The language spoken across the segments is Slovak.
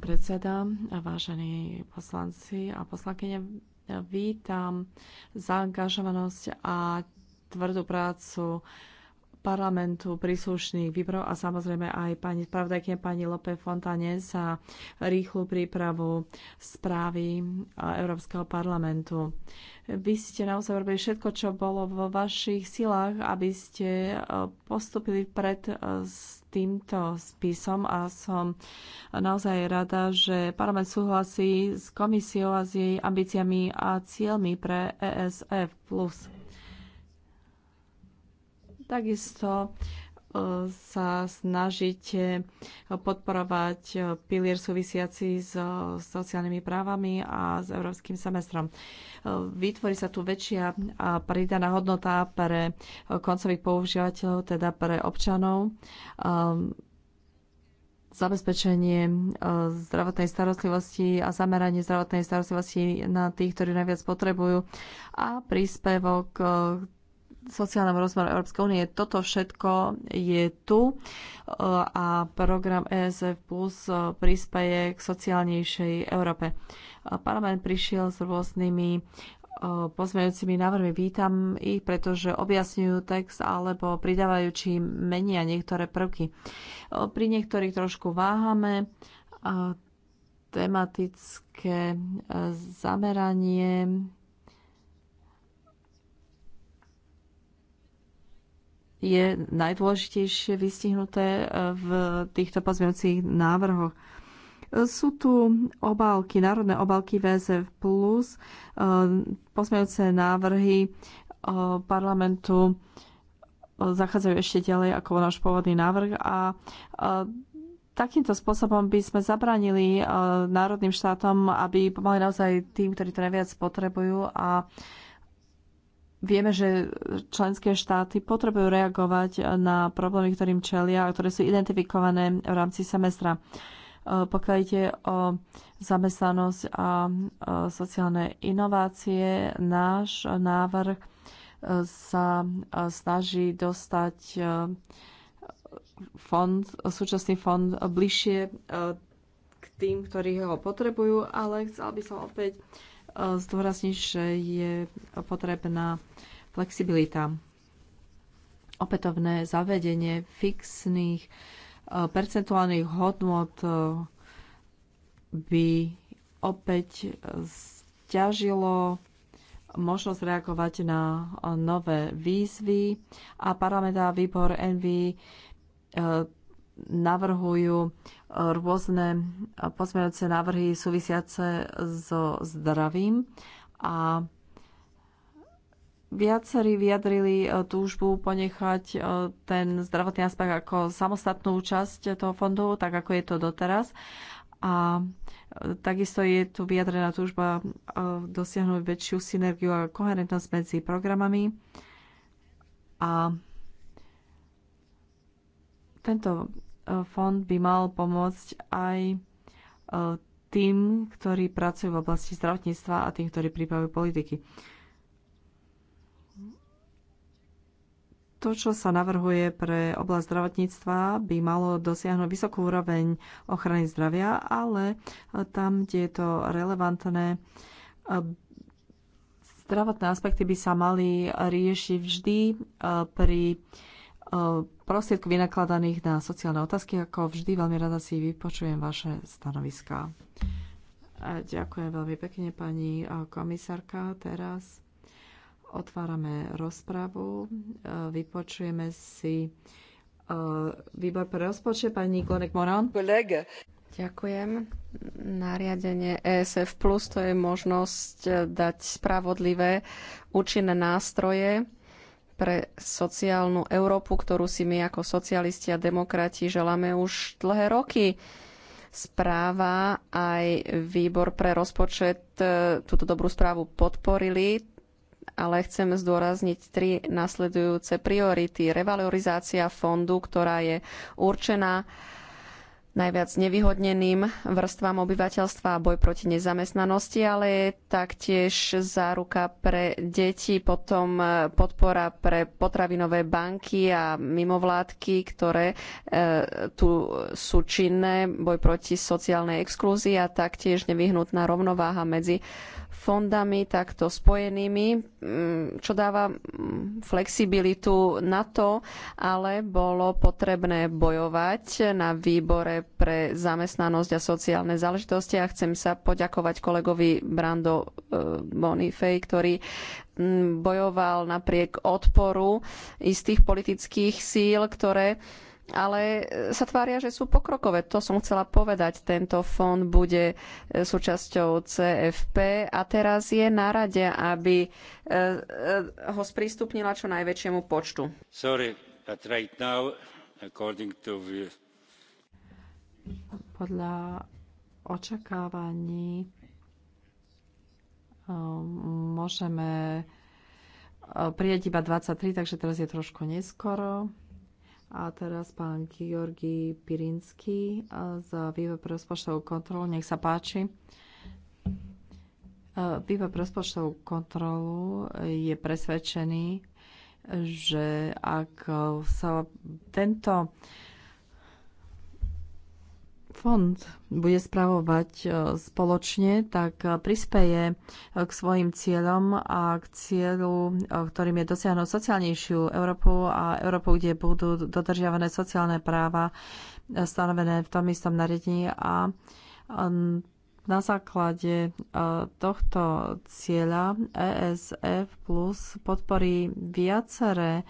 predseda, vážení poslanci a poslankyne. Vítam zaangažovanosť a tvrdú prácu parlamentu, príslušných výborov a samozrejme aj pani spravodajkyne pani Lope Fontane za rýchlu prípravu správy Európskeho parlamentu. Vy ste naozaj robili všetko, čo bolo vo vašich silách, aby ste eh, postupili pred eh, s týmto spisom a som naozaj rada, že parlament súhlasí s komisiou a s jej ambíciami a cieľmi pre ESF+. Takisto sa snažíte podporovať pilier súvisiaci s sociálnymi právami a s európskym semestrom. Vytvorí sa tu väčšia pridaná hodnota pre koncových používateľov, teda pre občanov ehm, zabezpečenie e, zdravotnej starostlivosti a zameranie zdravotnej starostlivosti na tých, ktorí najviac potrebujú a príspevok e, sociálnom rozmeru Európskej únie. Toto všetko je tu e, a program ESF Plus e, prispieje k sociálnejšej Európe. E, parlament prišiel s rôznymi pozmeňujúcimi návrhmi. Vítam ich, pretože objasňujú text alebo pridávajú či menia niektoré prvky. Pri niektorých trošku váhame. Tematické zameranie je najdôležitejšie vystihnuté eh, v týchto pozmeňujúcich návrhoch. Eh, sú tu obálky, národné obálky VZF+, eh, pozmeňujúce návrhy parlamentu zachádzajú ešte ďalej ako náš pôvodný návrh a takýmto spôsobom by sme zabranili národným štátom, aby pomali naozaj tým, ktorí to najviac potrebujú a Vieme, že členské štáty potrebujú reagovať na problémy, ktorým čelia a ktoré sú identifikované v rámci semestra. E, pokiaľ ide o zamestnanosť a e, sociálne inovácie, náš návrh e, sa snaží dostať fond, súčasný fond bližšie k tým, ktorí ho potrebujú, ale chcela by som opäť zdôrazniť, že je potrebná flexibilita. Opätovné zavedenie fixných e, percentuálnych hodnot e, by opäť stiažilo možnosť reagovať na e, nové výzvy a parlamentá výbor NV navrhujú e, rôzne e, pozmeňujúce návrhy súvisiace so zdravím a viacerí vyjadrili e, túžbu ponechať ten zdravotný aspekt ako samostatnú časť toho fondu, tak ako je to doteraz. A takisto je tu vyjadrená túžba dosiahnuť väčšiu synergiu a koherentnosť medzi programami. A tento fond by mal pomôcť aj e, tým, ktorí pracujú v oblasti zdravotníctva a tým, ktorí pripravujú politiky. To, čo sa navrhuje pre oblasť zdravotníctva, by malo dosiahnuť vysokú úroveň ochrany zdravia, ale e, tam, kde je to relevantné, e, zdravotné aspekty by sa mali riešiť vždy pri prostriedku vynakladaných na sociálne otázky. Ako vždy veľmi rada si vypočujem vaše stanoviská. Ďakujem veľmi pekne, pani komisárka. Teraz otvárame rozpravu. Vypočujeme si výbor pre rozpočet, pani Glonek Moran. Kolega. Ďakujem. Nariadenie ESF Plus to je možnosť e, dať spravodlivé účinné nástroje pre sociálnu Európu, ktorú si my ako socialisti a demokrati želáme už dlhé roky. Správa aj výbor pre rozpočet e, túto dobrú správu podporili, ale chcem zdôrazniť tri nasledujúce priority. Revalorizácia fondu, ktorá je určená najviac nevyhodneným vrstvám obyvateľstva a boj proti nezamestnanosti, ale je taktiež záruka pre deti, potom e, podpora pre potravinové banky a mimovládky, ktoré e, tu sú činné, boj proti sociálnej exklúzii a taktiež nevyhnutná rovnováha medzi fondami takto spojenými, mm, čo dáva mm, flexibilitu na to, ale bolo potrebné bojovať na výbore pre zamestnanosť a sociálne záležitosti a chcem sa poďakovať kolegovi Brando e, Bonifej, ktorý mm, bojoval napriek odporu istých politických síl, ktoré ale e, sa tvária, že sú pokrokové. To som chcela povedať. Tento fond bude e, súčasťou CFP a teraz je na rade, aby e, ho sprístupnila čo najväčšiemu počtu. Sorry, but right now, according to... Podľa očakávaní môžeme prijať iba 23, takže teraz je trošku neskoro. A teraz pán Georgi Pirinsky e, za Vývoj pre rozpočtovú kontrolu. Nech sa páči. E, Vývoj pre rozpočtovú kontrolu je presvedčený, že ak sa tento fond bude spravovať e, spoločne, tak e, prispeje e, k svojim cieľom a k cieľu, ktorým je dosiahnuť sociálnejšiu Európu a Európu, kde budú dodržiavané sociálne práva stanovené v tom istom nariadení a na základe tohto cieľa ESF Plus podporí viaceré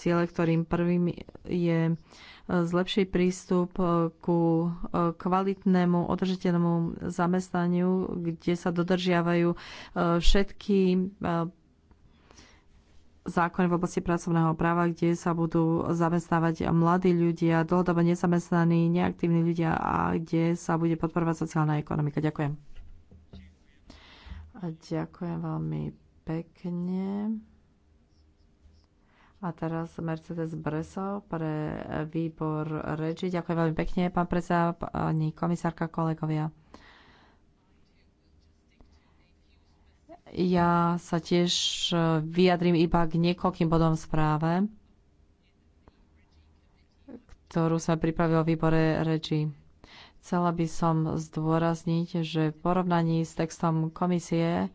ciele, ktorým prvým je e, zlepšiť prístup e, ku e, kvalitnému, održiteľnému zamestnaniu, kde sa dodržiavajú všetky zákony v oblasti pracovného práva, kde sa budú zamestnávať mladí ľudia, dlhodobo nezamestnaní, neaktívni ľudia a kde sa bude podporovať sociálna ekonomika. Ďakujem. A ďakujem veľmi pekne. A teraz Mercedes Breso pre výbor reči. Ďakujem veľmi pekne, pán predseda, pani komisárka, kolegovia. Ja sa tiež vyjadrím iba k niekoľkým bodom správe, ktorú sa pripravil výbore reči. Chcela by som zdôrazniť, že v porovnaní s textom komisie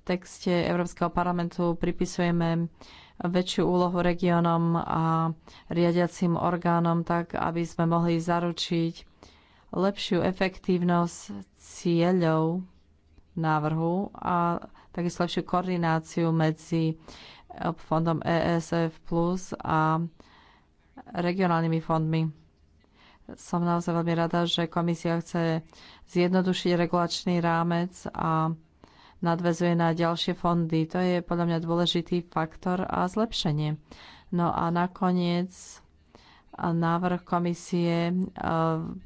v texte Európskeho parlamentu pripisujeme väčšiu úlohu regiónom a riadiacim orgánom, tak aby sme mohli zaručiť lepšiu efektívnosť cieľov návrhu a takisto lepšiu koordináciu medzi eh, fondom ESF Plus a regionálnymi fondmi. Som naozaj veľmi rada, že komisia chce zjednodušiť regulačný rámec a nadvezuje na ďalšie fondy. To je podľa mňa dôležitý faktor a zlepšenie. No a nakoniec návrh komisie e,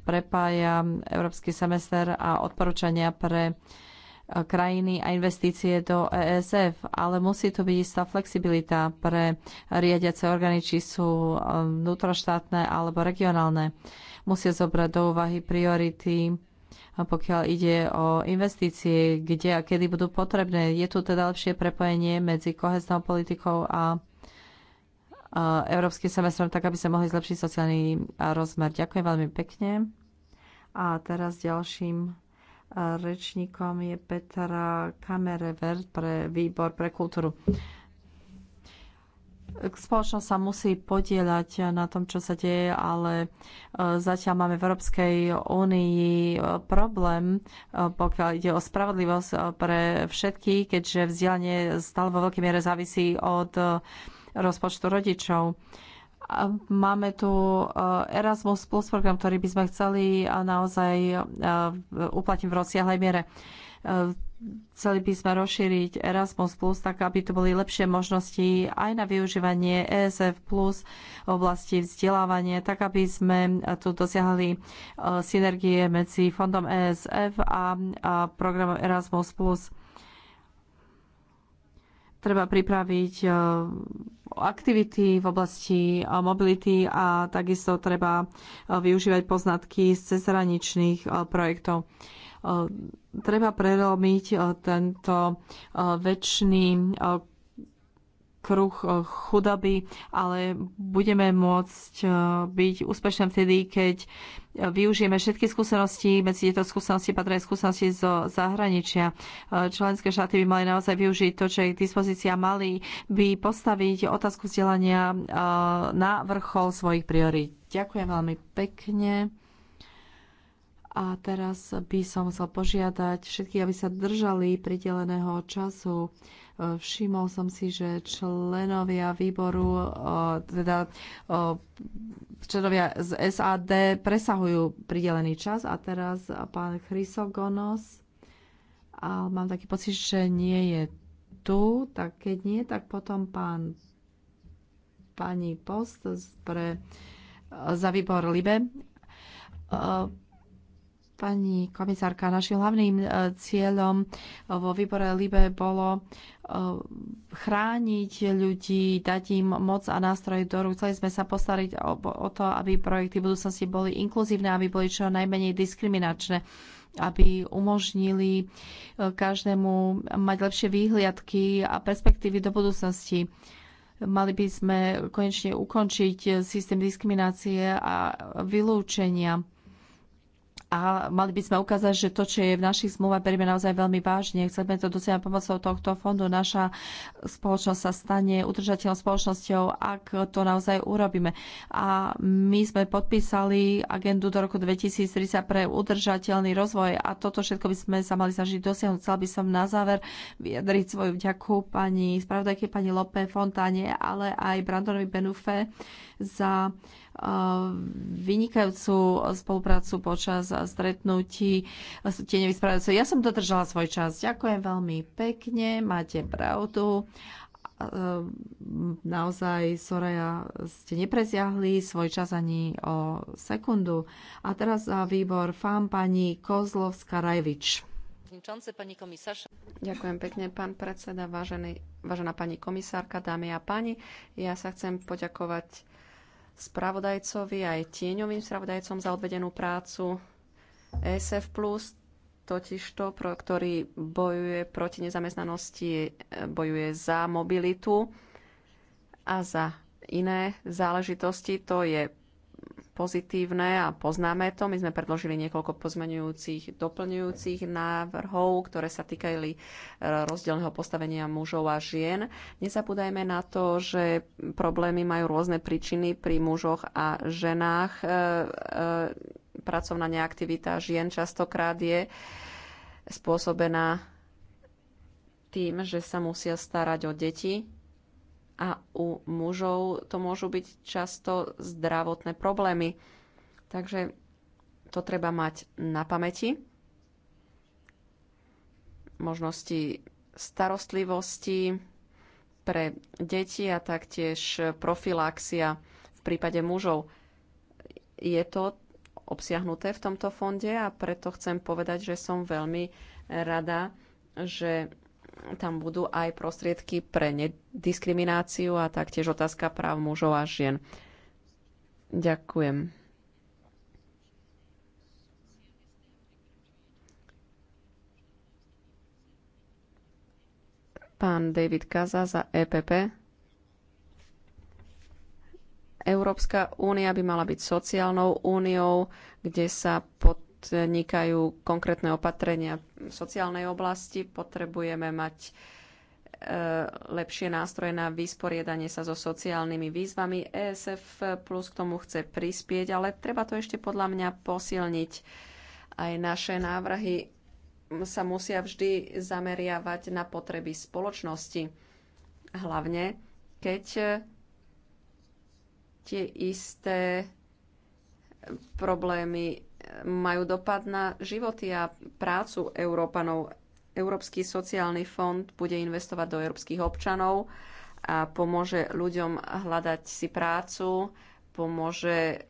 prepája európsky semester a odporúčania pre e, krajiny a investície do ESF, ale musí tu byť istá flexibilita pre riadiace orgány, či sú e, vnútroštátne alebo regionálne. Musia zobrať do úvahy priority pokiaľ ide o investície, kde a kedy budú potrebné. Je tu teda lepšie prepojenie medzi koheznou politikou a európskym semestrom, tak aby sa mohli zlepšiť sociálny rozmer. Ďakujem veľmi pekne. A teraz ďalším rečníkom je Petra Kamerevert pre výbor pre kultúru. Spoločnosť sa musí podielať na tom, čo sa deje, ale e, zatiaľ máme v Európskej únii e, problém, e, pokiaľ ide o spravodlivosť pre všetkých, keďže vzdelanie stále vo veľkej miere závisí od rozpočtu rodičov. Máme tu Erasmus Plus program, ktorý by sme chceli naozaj uplatniť v rozsiahlej miere Chceli by sme rozšíriť Erasmus+, plus, tak aby to boli lepšie možnosti aj na využívanie ESF+, Plus v oblasti vzdelávania, tak aby sme tu dosiahli e, synergie medzi fondom ESF a programom Erasmus+. plus. Treba pripraviť e, aktivity v oblasti e, mobility a takisto treba využívať poznatky z cezhraničných projektov Ehm, treba prerobiť eh, tento eh, väčší eh, kruh chudoby, ale budeme môcť byť úspešné vtedy, keď využijeme všetky skúsenosti, medzi tieto skúsenosti patria skúsenosti zo zahraničia. Členské štáty by mali naozaj využiť to, čo je k dispozícii a mali by postaviť otázku vzdelania na vrchol svojich priorít. Ďakujem veľmi pekne. A teraz by som chcel požiadať všetky, aby sa držali prideleného času. E, všimol som si, že členovia výboru, e, teda e, členovia z SAD presahujú pridelený čas. A teraz pán Chrysogonos, a mám taký pocit, že nie je tu, tak keď nie, tak potom pán pani post pre, za výbor Libe. Pani komisárka, našim hlavným e, cieľom e, vo výbore LIBE bolo e, chrániť ľudí, dať im moc a nástroj do rúk. Chceli sme sa postariť o, o to, aby projekty budúcnosti boli inkluzívne, aby boli čo najmenej diskriminačné aby umožnili každému mať lepšie výhliadky a perspektívy do budúcnosti. Mali by sme konečne ukončiť systém diskriminácie a vylúčenia a mali by sme ukázať, že to, čo je v našich zmluvách, berieme naozaj veľmi vážne. Chceme to dosiahnuť pomocou tohto fondu. Naša spoločnosť sa stane udržateľnou spoločnosťou, ak to naozaj urobíme. A my sme podpísali agendu do roku 2030 pre udržateľný rozvoj a toto všetko by sme sa mali snažiť dosiahnuť. Chcel by som na záver vyjadriť svoju vďaku pani spravodajke, pani Lope Fontáne, ale aj Brandonovi Benufe za vynikajúcu spoluprácu počas stretnutí tieňových spravodajcov. Ja som dodržala svoj čas. Ďakujem veľmi pekne, máte pravdu. Naozaj, Soraya, ste nepreziahli svoj čas ani o sekundu. A teraz za výbor fám pani Kozlovská-Rajvič. Ďakujem pekne, pán predseda, vážený, vážená pani komisárka, dámy a páni. Ja sa chcem poďakovať spravodajcovi aj tieňovým spravodajcom za odvedenú prácu. ESF Plus totižto, pro, ktorý bojuje proti nezamestnanosti, e, bojuje za mobilitu a za iné záležitosti. To je pozitívne a poznáme to. My sme predložili niekoľko pozmenujúcich, doplňujúcich návrhov, ktoré sa týkali e, rozdielneho postavenia mužov a žien. Nezabúdajme na to, že problémy majú rôzne príčiny pri mužoch a ženách. E, e, pracovná neaktivita žien častokrát je spôsobená tým, že sa musia starať o deti, a u mužov to môžu byť často zdravotné problémy. Takže to treba mať na pamäti. Možnosti starostlivosti pre deti a taktiež profilaxia v prípade mužov. Je to obsiahnuté v tomto fonde a preto chcem povedať, že som veľmi rada, že tam budú aj prostriedky pre nediskrimináciu a taktiež otázka práv mužov a žien. Ďakujem. Pán David Kaza za EPP. Európska únia by mala byť sociálnou úniou, kde sa pod podnikajú konkrétne opatrenia v sociálnej oblasti. Potrebujeme mať e, lepšie nástroje na vysporiadanie sa so sociálnymi výzvami. ESF plus k tomu chce prispieť, ale treba to ešte podľa mňa posilniť. Aj naše návrhy sa musia vždy zameriavať na potreby spoločnosti. Hlavne, keď tie isté problémy majú dopad na životy a prácu Európanov. Európsky sociálny fond bude investovať do európskych občanov a pomôže ľuďom hľadať si prácu, pomôže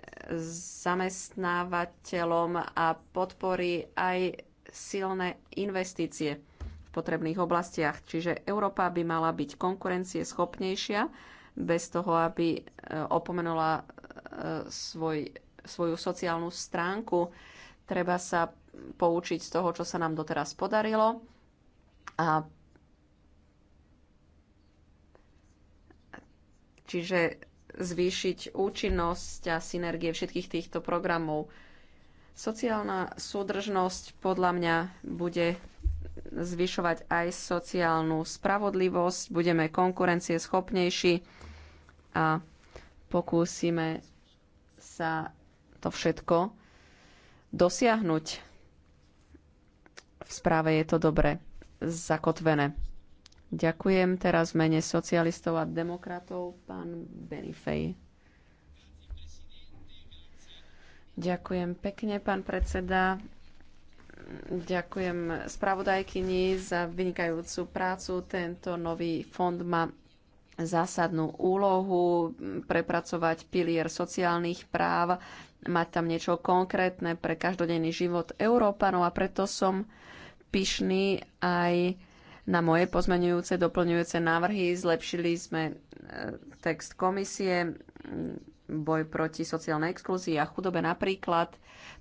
zamestnávateľom a podporí aj silné investície v potrebných oblastiach. Čiže Európa by mala byť konkurencie schopnejšia bez toho, aby e, opomenula e, svoj svoju sociálnu stránku. Treba sa poučiť z toho, čo sa nám doteraz podarilo a čiže zvýšiť účinnosť a synergie všetkých týchto programov. Sociálna súdržnosť podľa mňa bude zvyšovať aj sociálnu spravodlivosť, budeme konkurencie schopnejší a pokúsime sa to všetko dosiahnuť. V správe je to dobre zakotvené. Ďakujem teraz v mene socialistov a demokratov pán Benifej. Ďakujem pekne, pán predseda. Ďakujem spravodajkyni za vynikajúcu prácu. Tento nový fond má zásadnú úlohu prepracovať pilier sociálnych práv mať tam niečo konkrétne pre každodenný život Európanov a preto som pyšný aj na moje pozmenujúce, doplňujúce návrhy. Zlepšili sme e, text komisie, boj proti sociálnej exklúzii a chudobe napríklad,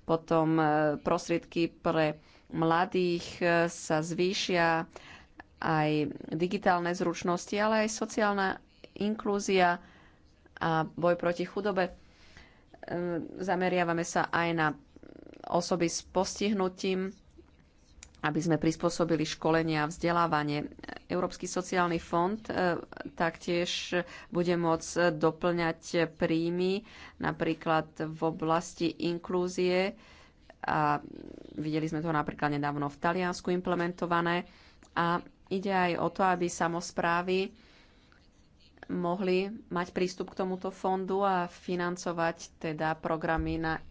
potom e, prostriedky pre mladých e, sa zvýšia, aj digitálne zručnosti, ale aj sociálna inklúzia a boj proti chudobe. Ehm, zameriavame sa aj na osoby s postihnutím, aby sme prispôsobili školenia a vzdelávanie. Európsky sociálny fond ehm, taktiež bude môcť doplňať príjmy napríklad v oblasti inklúzie a videli sme to napríklad nedávno v Taliansku implementované a ide aj o to, aby samozprávy mohli mať prístup k tomuto fondu a financovať teda programy na eh,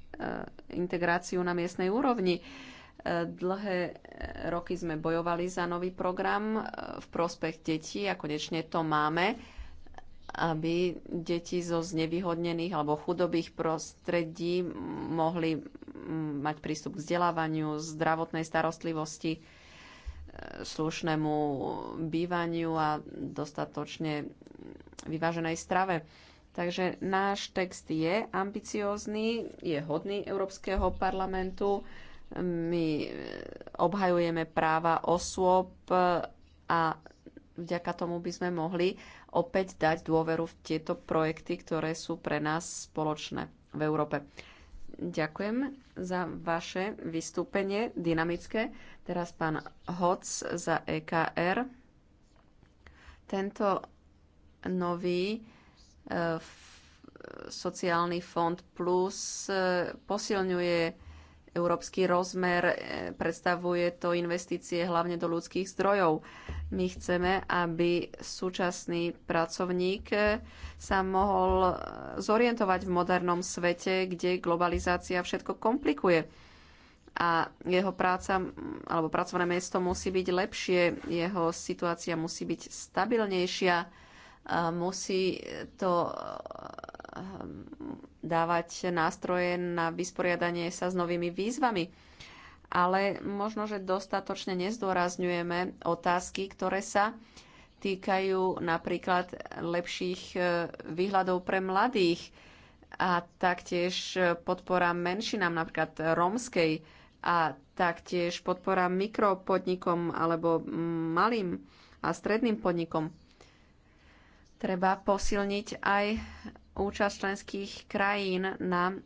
integráciu na miestnej úrovni. Eh, dlhé roky sme bojovali za nový program eh, v prospech detí a konečne to máme, aby deti zo znevýhodnených alebo chudobých prostredí mohli mať prístup k vzdelávaniu, zdravotnej starostlivosti, slušnému bývaniu a dostatočne vyváženej strave. Takže náš text je ambiciózny, je hodný Európskeho parlamentu. My eh, obhajujeme práva osôb eh, a vďaka tomu by sme mohli opäť dať dôveru v tieto projekty, ktoré sú pre nás spoločné v Európe. Ďakujem za vaše vystúpenie dynamické. Teraz pán Hoc za EKR. Tento nový e, sociálny fond plus e, posilňuje európsky rozmer, e, predstavuje to investície hlavne do ľudských zdrojov. My chceme, aby súčasný pracovník sa mohol zorientovať v modernom svete, kde globalizácia všetko komplikuje a jeho práca alebo pracovné miesto musí byť lepšie, jeho situácia musí byť stabilnejšia musí to eh, dávať nástroje na vysporiadanie sa s novými výzvami. Ale možno, že dostatočne nezdôrazňujeme otázky, ktoré sa týkajú napríklad lepších eh, výhľadov pre mladých a taktiež podpora menšinám, napríklad rómskej a taktiež podpora mikropodnikom alebo malým a stredným podnikom Treba posilniť aj účasť členských krajín na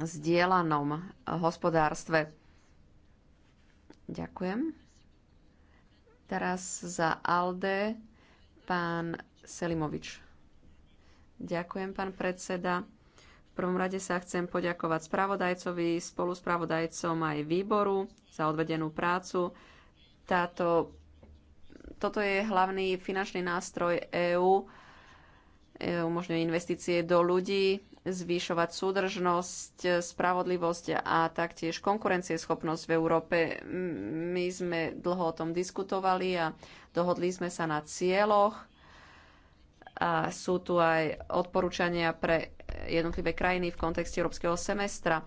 zdieľanom hospodárstve. Ďakujem. Teraz za ALDE pán Selimovič. Ďakujem, pán predseda. V prvom rade sa chcem poďakovať spravodajcovi, spoluspravodajcom aj výboru za odvedenú prácu. Táto toto je hlavný finančný nástroj EÚ, umožňuje investície do ľudí, zvyšovať súdržnosť, spravodlivosť a taktiež konkurencieschopnosť v Európe. My sme dlho o tom diskutovali a dohodli sme sa na cieľoch. A sú tu aj odporúčania pre jednotlivé krajiny v kontexte európskeho semestra.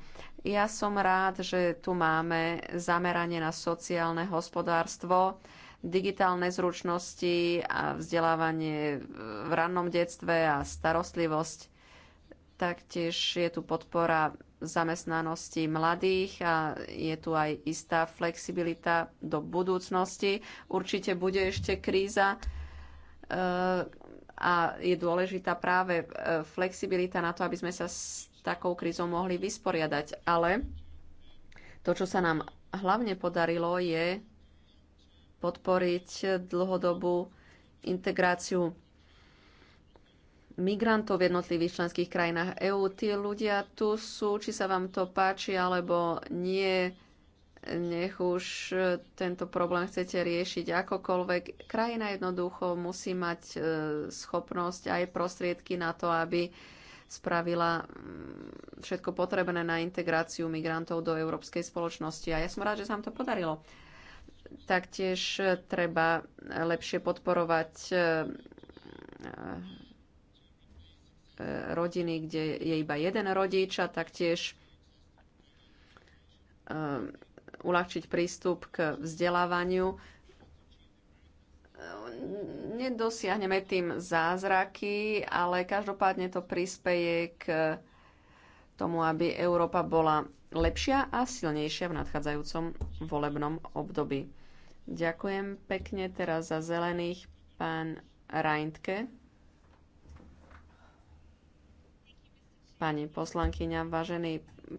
Ja som rád, že tu máme zameranie na sociálne hospodárstvo, digitálne zručnosti a vzdelávanie v rannom detstve a starostlivosť. Taktiež je tu podpora zamestnanosti mladých a je tu aj istá flexibilita do budúcnosti. Určite bude ešte kríza e, a je dôležitá práve e, flexibilita na to, aby sme sa s takou krízou mohli vysporiadať. Ale to, čo sa nám hlavne podarilo, je podporiť dlhodobú integráciu migrantov v jednotlivých členských krajinách EÚ. Tí ľudia tu sú, či sa vám to páči alebo nie, nech už tento problém chcete riešiť akokoľvek. Krajina jednoducho musí mať e, schopnosť aj prostriedky na to, aby spravila mm, všetko potrebné na integráciu migrantov do európskej spoločnosti. A ja som rád, že sa vám to podarilo. Taktiež treba lepšie podporovať eh, eh, rodiny, kde je iba jeden rodič a taktiež eh, uľahčiť prístup k vzdelávaniu. Nedosiahneme tým zázraky, ale každopádne to prispeje k tomu, aby Európa bola lepšia a silnejšia v nadchádzajúcom volebnom období. Ďakujem pekne teraz za zelených pán Reintke. Pani poslankyňa, vážený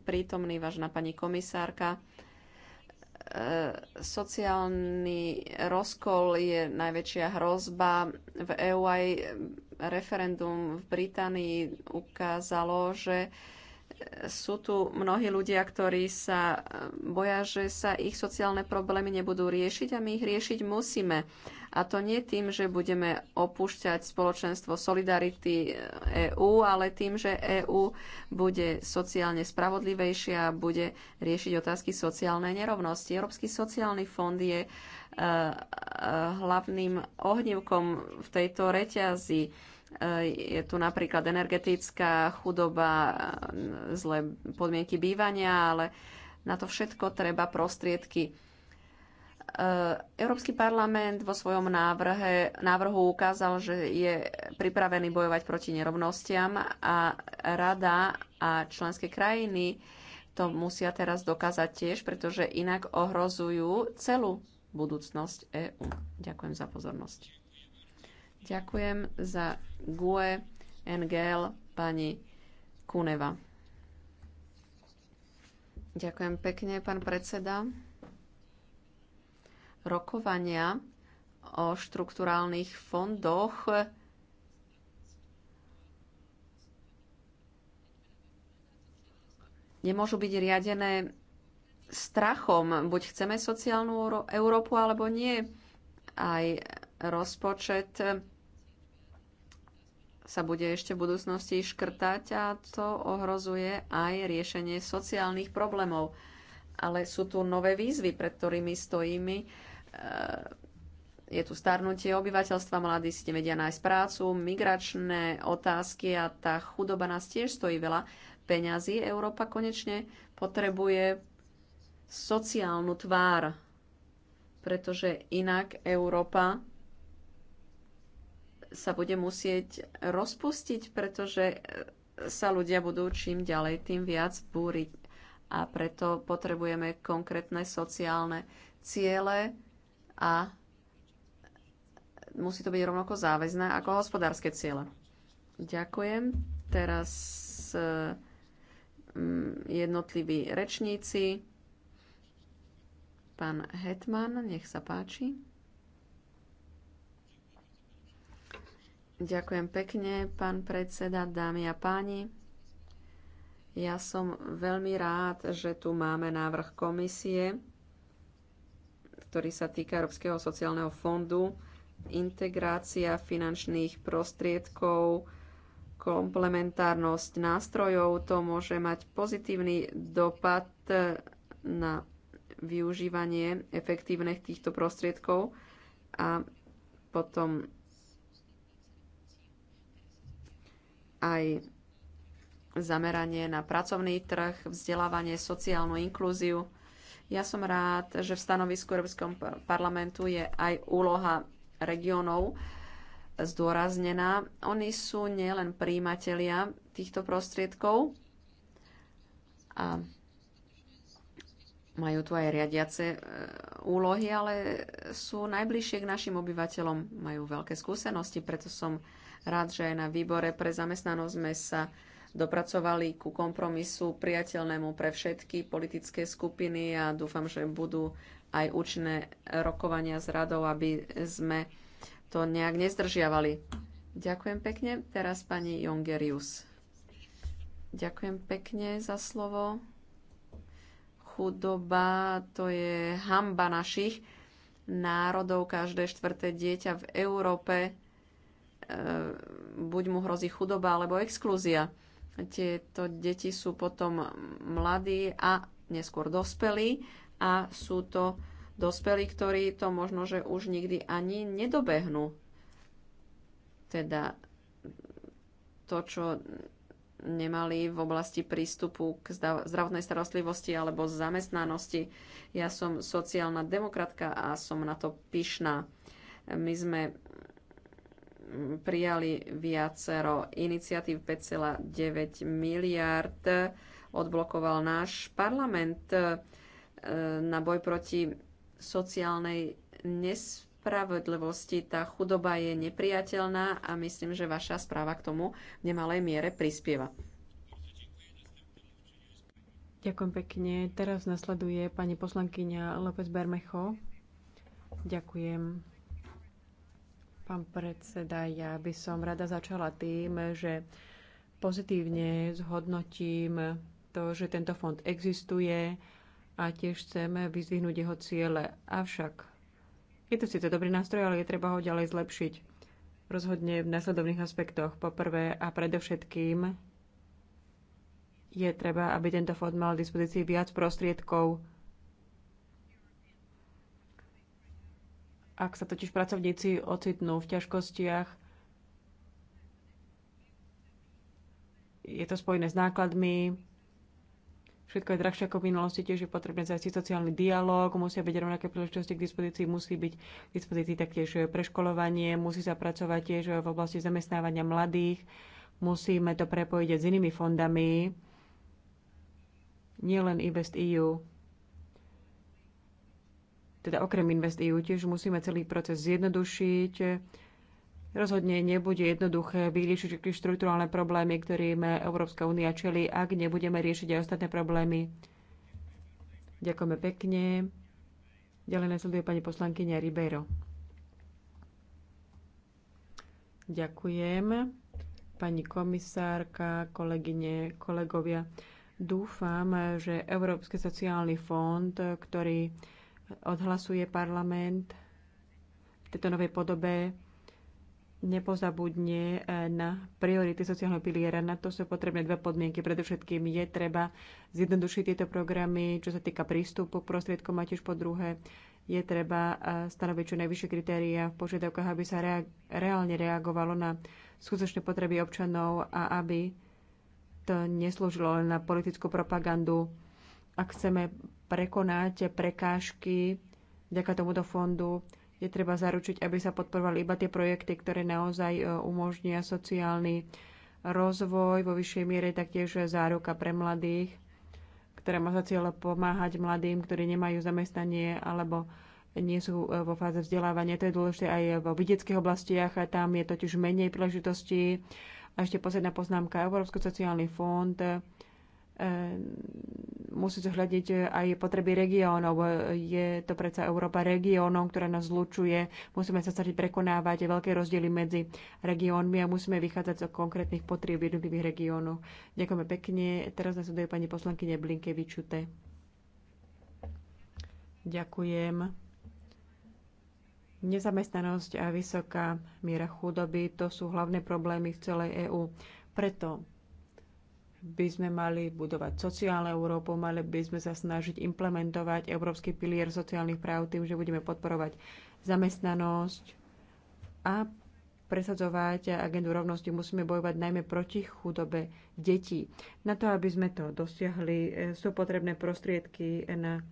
prítomný, vážená pani komisárka, e, sociálny rozkol je najväčšia hrozba. V EU aj referendum v Británii ukázalo, že sú tu mnohí ľudia, ktorí sa eh, boja, že sa ich sociálne problémy nebudú riešiť a my ich riešiť musíme. A to nie tým, že budeme opúšťať spoločenstvo Solidarity EÚ, eh, e ale tým, že EÚ bude sociálne spravodlivejšia a bude riešiť otázky sociálnej nerovnosti. Európsky sociálny fond je eh, hlavným ohnívkom v tejto reťazi Eh, je tu napríklad energetická chudoba, eh, zlé podmienky bývania, ale na to všetko treba prostriedky. Eh, Európsky parlament vo svojom návrhe, návrhu ukázal, že je pripravený bojovať proti nerovnostiam a rada a členské krajiny to musia teraz dokázať tiež, pretože inak ohrozujú celú budúcnosť EÚ. Ďakujem za pozornosť. Ďakujem za GUE NGL pani Kuneva. Ďakujem pekne, pán predseda. Rokovania o štruktúrálnych fondoch nemôžu byť riadené strachom. Buď chceme sociálnu Európu, alebo nie. Aj rozpočet sa bude ešte v budúcnosti škrtať a to ohrozuje aj riešenie sociálnych problémov. Ale sú tu nové výzvy, pred ktorými stojíme e, je tu starnutie obyvateľstva, mladí si nevedia nájsť prácu, migračné otázky a tá chudoba nás tiež stojí veľa peňazí. Európa konečne potrebuje sociálnu tvár, pretože inak Európa sa bude musieť rozpustiť, pretože e, sa ľudia budú čím ďalej tým viac búriť. A preto potrebujeme konkrétne sociálne ciele a musí to byť rovnako záväzné ako hospodárske ciele. Ďakujem. Teraz e, jednotliví rečníci. Pán Hetman, nech sa páči. Ďakujem pekne, pán predseda, dámy a páni. Ja som veľmi rád, že tu máme návrh komisie, ktorý sa týka Európskeho sociálneho fondu, integrácia finančných prostriedkov, komplementárnosť nástrojov, to môže mať pozitívny dopad na využívanie efektívnych týchto prostriedkov a potom aj zameranie na pracovný trh, vzdelávanie, sociálnu inklúziu. Ja som rád, že v stanovisku Európskom parlamentu je aj úloha regionov zdôraznená. Oni sú nielen príjimatelia týchto prostriedkov a majú tu aj riadiace e, úlohy, ale sú najbližšie k našim obyvateľom, majú veľké skúsenosti, preto som rád, že aj na výbore pre zamestnanosť sme sa dopracovali ku kompromisu priateľnému pre všetky politické skupiny a dúfam, že budú aj účinné rokovania s radou, aby sme to nejak nezdržiavali. Ďakujem pekne. Teraz pani Jongerius. Ďakujem pekne za slovo. Chudoba to je hamba našich národov. Každé štvrté dieťa v Európe buď mu hrozí chudoba alebo exklúzia. Tieto deti sú potom mladí a neskôr dospelí a sú to dospelí, ktorí to možno, že už nikdy ani nedobehnú. Teda to, čo nemali v oblasti prístupu k zdravotnej starostlivosti alebo zamestnanosti. Ja som sociálna demokratka a som na to pyšná. My sme prijali viacero iniciatív 5,9 miliard odblokoval náš parlament e, na boj proti sociálnej nespravodlivosti. Tá chudoba je nepriateľná a myslím, že vaša správa k tomu v nemalej miere prispieva. Ďakujem pekne. Teraz nasleduje pani poslankyňa López Bermecho. Ďakujem. Pán predseda, ja by som rada začala tým, že pozitívne zhodnotím to, že tento fond existuje a tiež chceme vyzvihnúť jeho ciele. Avšak je to síce dobrý nástroj, ale je treba ho ďalej zlepšiť. Rozhodne v následovných aspektoch. Poprvé a predovšetkým je treba, aby tento fond mal v dispozícii viac prostriedkov, Ak sa totiž pracovníci ocitnú v ťažkostiach, je to spojené s nákladmi, všetko je drahšie ako v minulosti, tiež je potrebné zajistiť sociálny dialog, musia byť rovnaké príležitosti k dispozícii, musí byť k dispozícii taktiež preškolovanie, musí sa pracovať tiež v oblasti zamestnávania mladých, musíme to prepojiť s inými fondami, nielen eBest EU teda okrem InvestEU tiež musíme celý proces zjednodušiť. Rozhodne nebude jednoduché vyriešiť všetky štruktúrálne problémy, ktorým Európska únia čeli, ak nebudeme riešiť aj ostatné problémy. Ďakujeme pekne. Ďalej nasleduje pani poslankyňa Ribeiro. Ďakujem. Pani komisárka, kolegyne, kolegovia, dúfam, že Európsky sociálny fond, ktorý odhlasuje parlament v tejto novej podobe, nepozabudne e, na priority sociálneho piliera. Na to sú potrebné dve podmienky. Predovšetkým je treba zjednodušiť tieto programy, čo sa týka prístupu k prostriedkom a tiež po druhé je treba e, stanoviť čo najvyššie kritéria v požiadavkách, aby sa rea- reálne reagovalo na skutočné potreby občanov a aby to neslúžilo len na politickú propagandu. Ak chceme prekonať prekážky vďaka tomuto fondu. Je treba zaručiť, aby sa podporovali iba tie projekty, ktoré naozaj e, umožnia sociálny rozvoj vo vyššej miere, taktiež záruka pre mladých, ktorá má za cieľ pomáhať mladým, ktorí nemajú zamestnanie alebo nie sú e, vo fáze vzdelávania. To je dôležité aj vo vidieckých oblastiach, a tam je totiž menej príležitostí. A ešte posledná poznámka, Európsko sociálny fond Ehm, musí zohľadiť eh, aj potreby regiónov. Je to predsa Európa regiónom, ktorá nás zlučuje. Musíme sa snažiť prekonávať veľké rozdiely medzi regiónmi a musíme vychádzať z konkrétnych potrieb jednotlivých regiónov. Ďakujeme pekne. Teraz nasleduje pani poslankyne Blinkevičute. Ďakujem. Nezamestnanosť a vysoká miera chudoby to sú hlavné problémy v celej EÚ. Preto by sme mali budovať sociálnu Európu, mali by sme sa snažiť implementovať Európsky pilier sociálnych práv tým, že budeme podporovať zamestnanosť a presadzovať agendu rovnosti, musíme bojovať najmä proti chudobe detí. Na to, aby sme to dosiahli, sú potrebné prostriedky na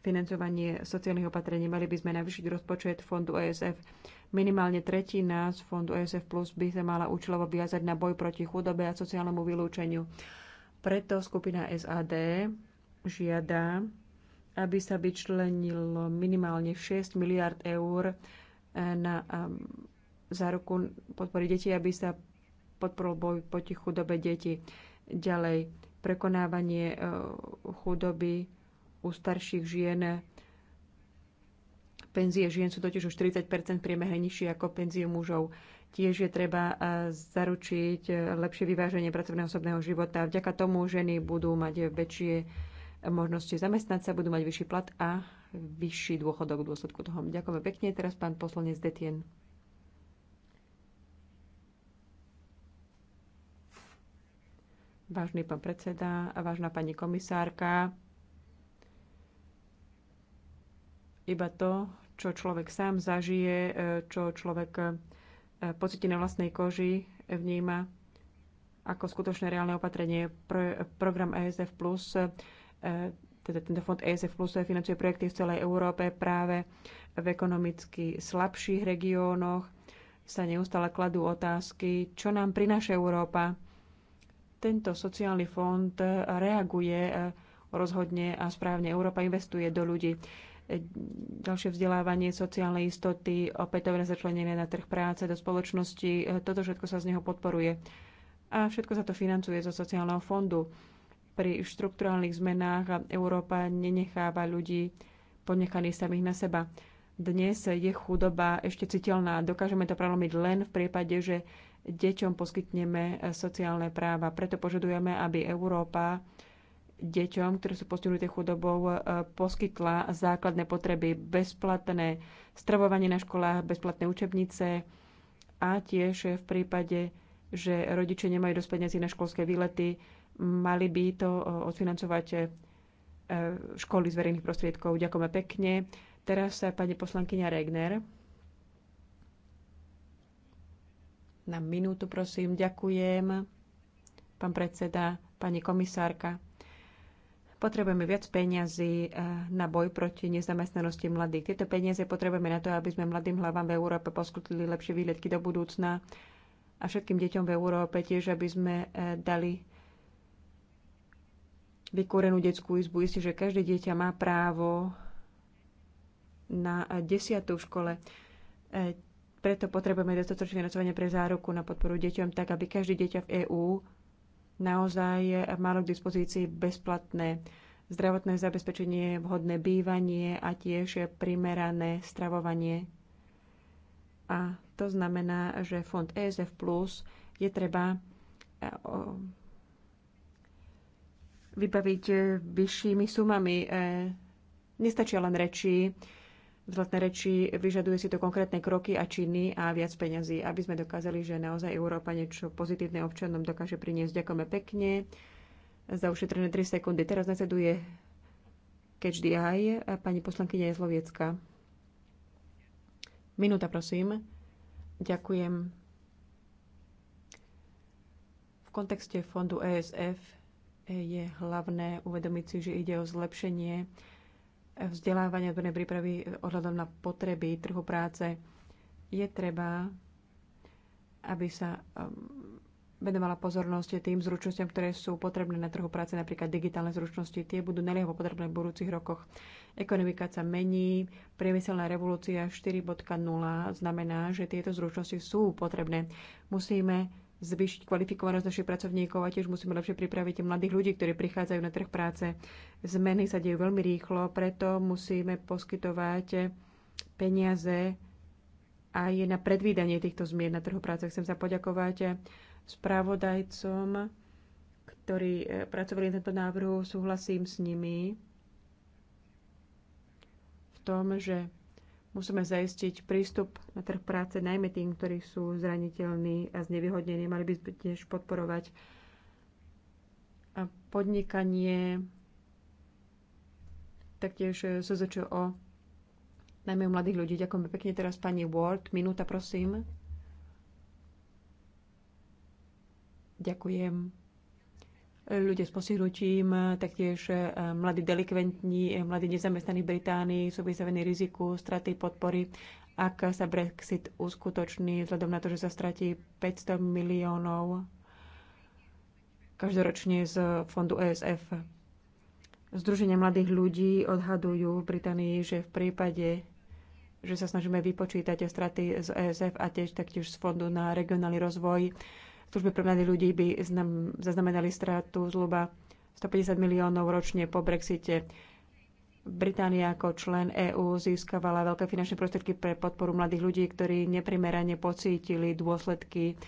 financovanie sociálnych opatrení. Mali by sme navýšiť rozpočet fondu ESF Minimálne tretina z fondu ESF Plus by sa mala účelovo viazať na boj proti chudobe a sociálnemu vylúčeniu. Preto skupina SAD žiada, aby sa vyčlenilo minimálne 6 miliard eur eh, na ehm, záruku podpory detí, aby sa podporil boj proti chudobe detí. Ďalej, prekonávanie eh, chudoby u starších žien Penzie žien sú totiž o 40 priemerne nižšie ako penzie mužov. Tiež je treba eh, zaručiť eh, lepšie vyváženie pracovného osobného života. Vďaka tomu ženy budú mať väčšie možnosti zamestnať sa, budú mať vyšší plat a vyšší dôchodok v dôsledku toho. Ďakujeme pekne. Teraz pán poslanec Detien. Vážny pán predseda a vážna pani komisárka, iba to, čo človek sám zažije, e, čo človek e, pocíti na vlastnej koži, vníma ako skutočné reálne opatrenie. Pro, program ESF+, Plus, e, teda tento fond ESF+, Plus financuje projekty v celej Európe práve v ekonomicky slabších regiónoch sa neustále kladú otázky, čo nám prináša Európa. Tento sociálny fond reaguje rozhodne a správne. Európa investuje do ľudí ďalšie vzdelávanie, sociálne istoty, opätovné začlenenie na trh práce, do spoločnosti. Toto všetko sa z neho podporuje. A všetko sa to financuje zo sociálneho fondu. Pri štruktúrálnych zmenách Európa nenecháva ľudí ponechaných samých na seba. Dnes je chudoba ešte citeľná. Dokážeme to prelomiť len v prípade, že deťom poskytneme sociálne práva. Preto požadujeme, aby Európa deťom, ktoré sú postihnuté chudobou, e, poskytla základné potreby, bezplatné stravovanie na školách, bezplatné učebnice a tiež v prípade, že rodičia nemajú dosť peniazy na školské výlety, mali by to e, odfinancovať e, školy z verejných prostriedkov. Ďakujeme pekne. Teraz sa pani poslankyňa Regner. Na minútu, prosím. Ďakujem. Pán predseda, pani komisárka. Potrebujeme viac peňazí eh, na boj proti nezamestnanosti mladých. Tieto peniaze potrebujeme na to, aby sme mladým hlavám v Európe poskytli lepšie výhľadky do budúcna a všetkým deťom v Európe tiež, aby sme eh, dali vykúrenú detskú izbu. Isté, že každé dieťa má právo na eh, desiatú v škole. Preto potrebujeme dostatočné financovanie pre záruku na podporu deťom, tak aby každé dieťa v EÚ naozaj malo k dispozícii bezplatné zdravotné zabezpečenie, vhodné bývanie a tiež primerané stravovanie. A to znamená, že fond ESF Plus je treba e, vybaviť e, vyššími sumami. E, nestačia len reči, v zlatnej reči vyžaduje si to konkrétne kroky a činy a viac peňazí, aby sme dokázali, že naozaj Európa niečo pozitívne občanom dokáže priniesť. Ďakujeme pekne za ušetrené 3 sekundy. Teraz nasleduje Catch the Eye, pani poslankyňa Jezloviecka. Minúta, prosím. Ďakujem. V kontexte fondu ESF je hlavné uvedomiť si, že ide o zlepšenie vzdelávania odbornej prípravy ohľadom na potreby trhu práce, je treba, aby sa um, venovala pozornosť tým zručnostiam, ktoré sú potrebné na trhu práce, napríklad digitálne zručnosti. Tie budú neliehavo potrebné v budúcich rokoch. Ekonomika sa mení, priemyselná revolúcia 4.0 znamená, že tieto zručnosti sú potrebné. Musíme zvýšiť kvalifikovanosť našich pracovníkov a tiež musíme lepšie pripraviť mladých ľudí, ktorí prichádzajú na trh práce. Zmeny sa dejú veľmi rýchlo, preto musíme poskytovať peniaze aj na predvídanie týchto zmien na trhu práce. Chcem sa poďakovať správodajcom, ktorí eh, pracovali na tento návrhu. Súhlasím s nimi v tom, že Musíme zaistiť prístup na trh práce najmä tým, ktorí sú zraniteľní a znevýhodnení. Mali by sme tiež podporovať podnikanie, taktiež SZČO, najmä u mladých ľudí. Ďakujeme pekne teraz pani Ward. Minúta, prosím. Ďakujem ľudia s postihnutím, taktiež e, mladí delikventní, e, mladí nezamestnaní v Británii sú vystavení riziku straty podpory, ak sa Brexit uskutoční, vzhľadom na to, že sa stratí 500 miliónov každoročne z fondu ESF. Združenia mladých ľudí odhadujú v Británii, že v prípade, že sa snažíme vypočítať straty z ESF a tiež taktiež z Fondu na regionálny rozvoj, služby pre mladých ľudí by znam, zaznamenali stratu zhruba 150 miliónov ročne po Brexite. Británia ako člen EÚ získavala veľké finančné prostriedky pre podporu mladých ľudí, ktorí neprimerane pocítili dôsledky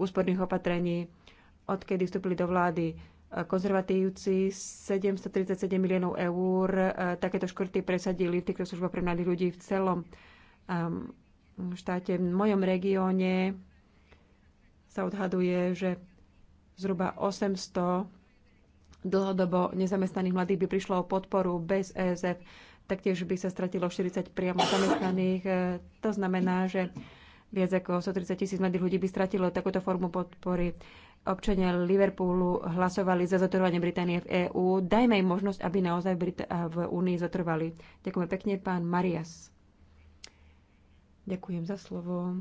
úsporných opatrení, odkedy vstúpili do vlády. Konzervatívci 737 miliónov eur e, takéto škrty presadili v týchto službách pre mladých ľudí v celom štáte. V mojom regióne sa odhaduje, že zhruba 800 dlhodobo nezamestnaných mladých by prišlo o podporu bez ESF. Taktiež by sa stratilo 40 priamo zamestnaných. E, to znamená, že viac ako 130 tisíc mladých ľudí by stratilo takúto formu podpory občania Liverpoolu hlasovali za zotrvanie Británie v EÚ. Dajme im možnosť, aby naozaj v Únii zotrvali. Ďakujem pekne, pán Marias. Ďakujem za slovo.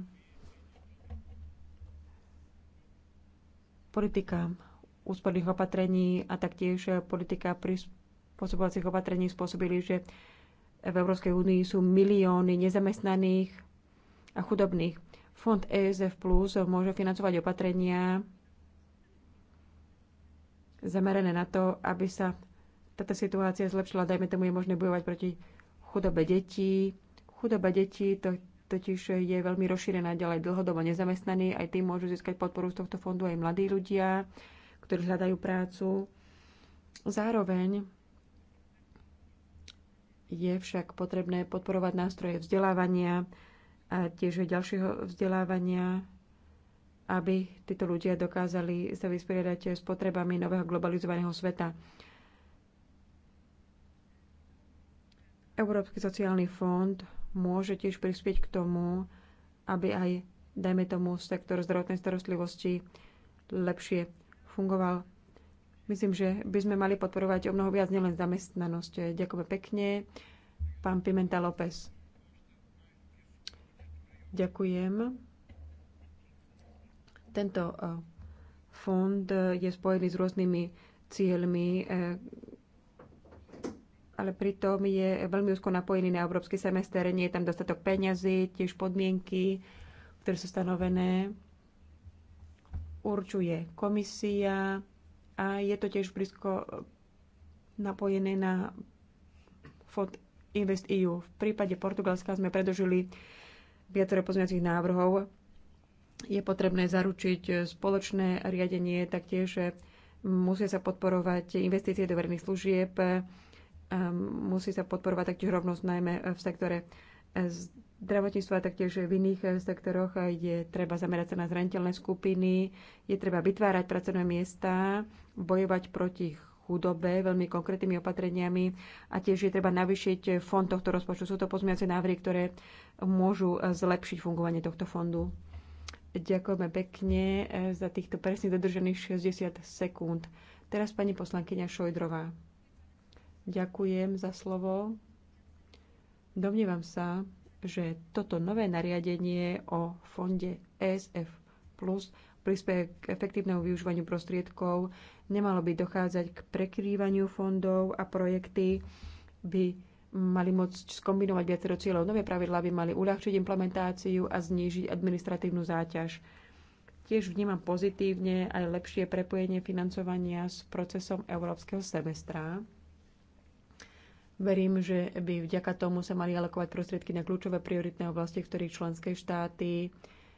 Politika úsporných opatrení a taktiež politika prispôsobovacích opatrení spôsobili, že v Európskej únii sú milióny nezamestnaných a chudobných. Fond ESF Plus môže financovať opatrenia zamerané na to, aby sa táto situácia zlepšila. Dajme tomu, je možné bojovať proti chudobe detí. Chudoba detí to totiž je veľmi rozšírená ďalej dlhodobo nezamestnaní. Aj tým môžu získať podporu z tohto fondu aj mladí ľudia, ktorí hľadajú prácu. Zároveň je však potrebné podporovať nástroje vzdelávania a tiež ďalšieho vzdelávania, aby títo ľudia dokázali sa vysporiadať s potrebami nového globalizovaného sveta. Európsky sociálny fond môže tiež prispieť k tomu, aby aj, dajme tomu, sektor zdravotnej starostlivosti lepšie fungoval. Myslím, že by sme mali podporovať o mnoho viac nielen zamestnanosť. Ďakujem pekne. Pán Pimenta López. Ďakujem. Tento eh, fond je spojený s rôznymi cieľmi, eh, ale pritom je veľmi úzko napojený na európsky semester, nie je tam dostatok peňazí, tiež podmienky, ktoré sú stanovené. Určuje komisia a je to tiež blízko napojené na fond Invest EU. V prípade Portugalska sme predložili viacero pozmeňacích návrhov. Je potrebné zaručiť spoločné riadenie, taktiež musia sa podporovať investície do verejných služieb, Ehm, musí sa podporovať taktiež rovnosť najmä eh, v sektore eh, zdravotníctva, taktiež v iných eh, sektoroch je treba zamerať sa na zraniteľné skupiny, je treba vytvárať pracovné miesta, bojovať proti chudobe veľmi konkrétnymi opatreniami a tiež je treba navýšiť fond tohto rozpočtu. Sú to pozmiace návrhy, ktoré môžu zlepšiť fungovanie tohto fondu. Ďakujeme pekne za týchto presne dodržených 60 sekúnd. Teraz pani poslankyňa Šojdrová. Ďakujem za slovo. Domnievam sa, že toto nové nariadenie o fonde ESF Plus prispieje k efektívnemu využívaniu prostriedkov, nemalo by dochádzať k prekrývaniu fondov a projekty by mali môcť skombinovať viacero cieľov. Nové pravidlá by mali uľahčiť implementáciu a znížiť administratívnu záťaž. Tiež vnímam pozitívne aj lepšie prepojenie financovania s procesom európskeho semestra Verím, že by vďaka tomu sa mali alokovať prostriedky na kľúčové prioritné oblasti, v ktorých členské štáty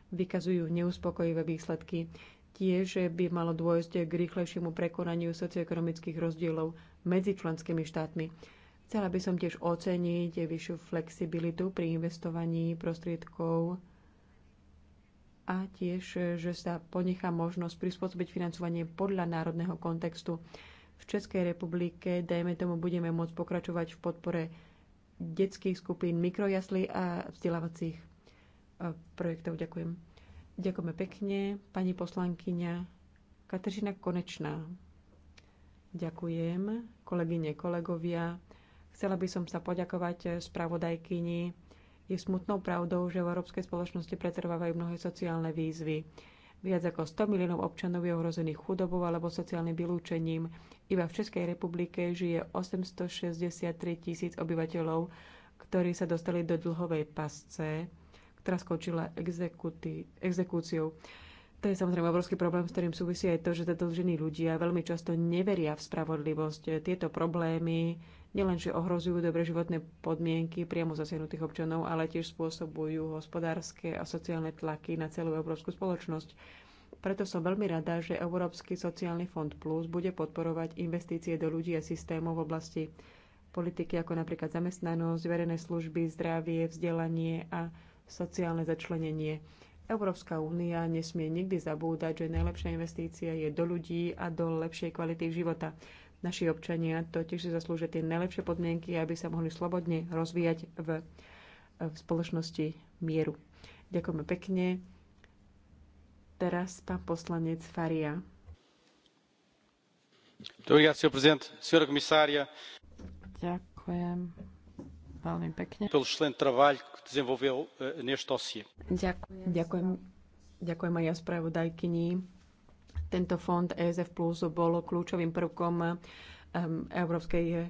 vykazujú neuspokojivé výsledky. Tiež by malo dôjsť k rýchlejšiemu prekonaniu socioekonomických rozdielov medzi členskými štátmi. Chcela by som tiež oceniť vyššiu flexibilitu pri investovaní prostriedkov a tiež, že sa ponechá možnosť prispôsobiť financovanie podľa národného kontextu v Českej republike, dajme tomu, budeme môcť pokračovať v podpore detských skupín, mikrojaslí a vzdelávacích e, projektov. Ďakujem. Ďakujeme pekne. Pani poslankyňa Kateřina Konečná. Ďakujem, kolegyne, kolegovia. Chcela by som sa poďakovať spravodajkyni. Je smutnou pravdou, že v európskej spoločnosti pretrvávajú mnohé sociálne výzvy. Viac ako 100 miliónov občanov je ohrozených chudobou alebo sociálnym vylúčením. Iba v Českej republike žije 863 tisíc obyvateľov, ktorí sa dostali do dlhovej pasce, ktorá skončila exekúciou. To je samozrejme obrovský problém, s ktorým súvisí aj to, že zadlžení ľudia veľmi často neveria v spravodlivosť. Tieto problémy nielenže ohrozujú dobre životné podmienky priamo zasiahnutých občanov, ale tiež spôsobujú hospodárske a sociálne tlaky na celú európsku spoločnosť. Preto som veľmi rada, že Európsky sociálny fond Plus bude podporovať investície do ľudí a systémov v oblasti politiky ako napríklad zamestnanosť, verejné služby, zdravie, vzdelanie a sociálne začlenenie. Európska únia nesmie nikdy zabúdať, že najlepšia investícia je do ľudí a do lepšej kvality života. Naši občania totiž si zaslúžia tie najlepšie podmienky, aby sa mohli slobodne rozvíjať v, v spoločnosti mieru. Ďakujeme pekne. Teraz pán poslanec Faria. Ďakujem veľmi pekne. Eh, ďakujem. Ďakujem, ďakujem aj ja spravodajkyni. Tento fond ESF Plus bol kľúčovým prvkom um, európskej um,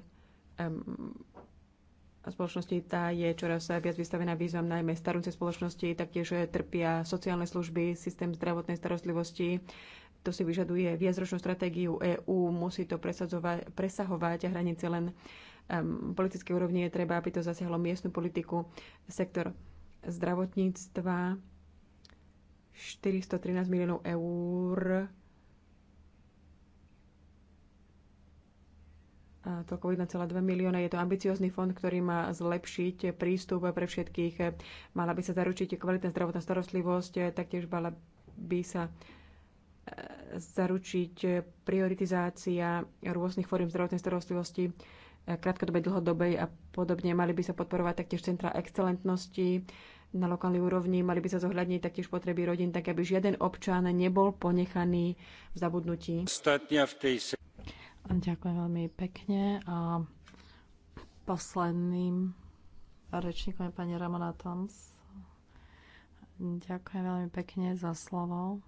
spoločnosti tá je čoraz viac vystavená výzvam, najmä starúce spoločnosti, taktiež trpia sociálne služby, systém zdravotnej starostlivosti. To si vyžaduje viacročnú stratégiu EÚ, musí to presahovať a hranice len um, politické úrovne je treba, aby to zasiahlo miestnu politiku, sektor zdravotníctva, 413 miliónov eur toľko 1,2 milióna. Je to ambiciózny fond, ktorý má zlepšiť prístup pre všetkých. Mala by sa zaručiť kvalitná zdravotná starostlivosť, taktiež mala by sa e, zaručiť prioritizácia rôznych fóriem zdravotnej starostlivosti e, krátkodobej, dlhodobej a podobne. Mali by sa podporovať taktiež centra excelentnosti na lokálnej úrovni, mali by sa zohľadniť taktiež potreby rodín, tak aby žiaden občan nebol ponechaný v zabudnutí. Ostatnia v tej Ďakujem veľmi pekne a posledným rečníkom je pani Ramona Toms. Ďakujem veľmi pekne za slovo.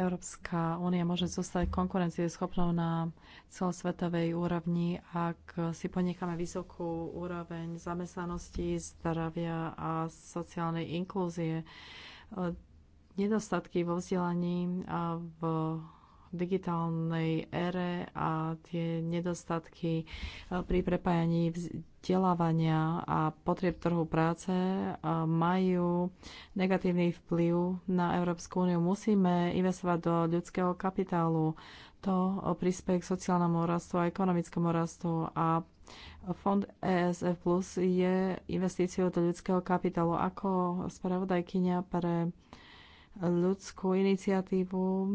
Európska únia môže zostať konkurencieschopnou na celosvetovej úrovni, ak si ponecháme vysokú úroveň zamestnanosti, zdravia a sociálnej inklúzie. Nedostatky vo vzdelaní a v digitálnej ére a tie nedostatky e, pri prepájaní vzdelávania a potrieb trhu práce e, majú negatívny vplyv na Európsku úniu. Musíme investovať do ľudského kapitálu. To e, prispieje k sociálnemu rastu a ekonomickému rastu a Fond ESF Plus je investíciou do ľudského kapitálu. Ako spravodajkynia pre ľudskú iniciatívu e,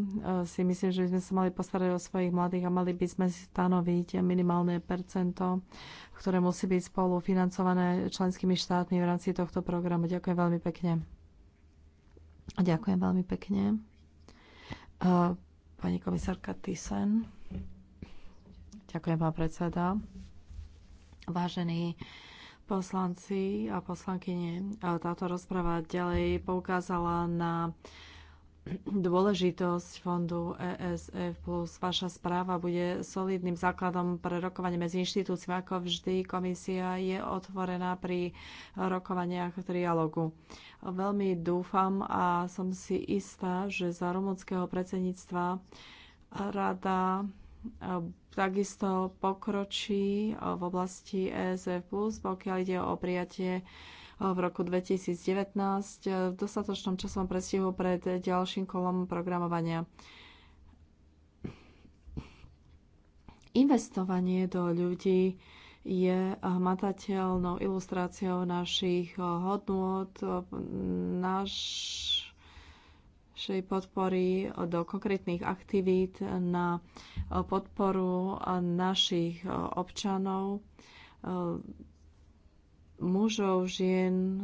si myslím, že by sme sa mali postarať o svojich mladých a mali by sme stanoviť minimálne percento, ktoré musí byť spolu financované členskými štátmi v rámci tohto programu. Ďakujem veľmi pekne. Ďakujem veľmi pekne. E, pani komisárka Tysen. Ďakujem, pán predseda. Vážený Poslanci a poslankyne, táto rozprava ďalej poukázala na dôležitosť fondu ESF+. Vaša správa bude solidným základom pre rokovanie medzi inštitúciami. Ako vždy, komisia je otvorená pri rokovaniach trialogu. Veľmi dúfam a som si istá, že za rumunského predsedníctva rada takisto pokročí v oblasti ESF+, pokiaľ ide o prijatie v roku 2019 v dostatočnom časom prestihu pred ďalším kolom programovania. Investovanie do ľudí je hmatateľnou ilustráciou našich hodnôt, náš finančnej podpory do konkrétnych aktivít na podporu našich občanov, mužov, žien,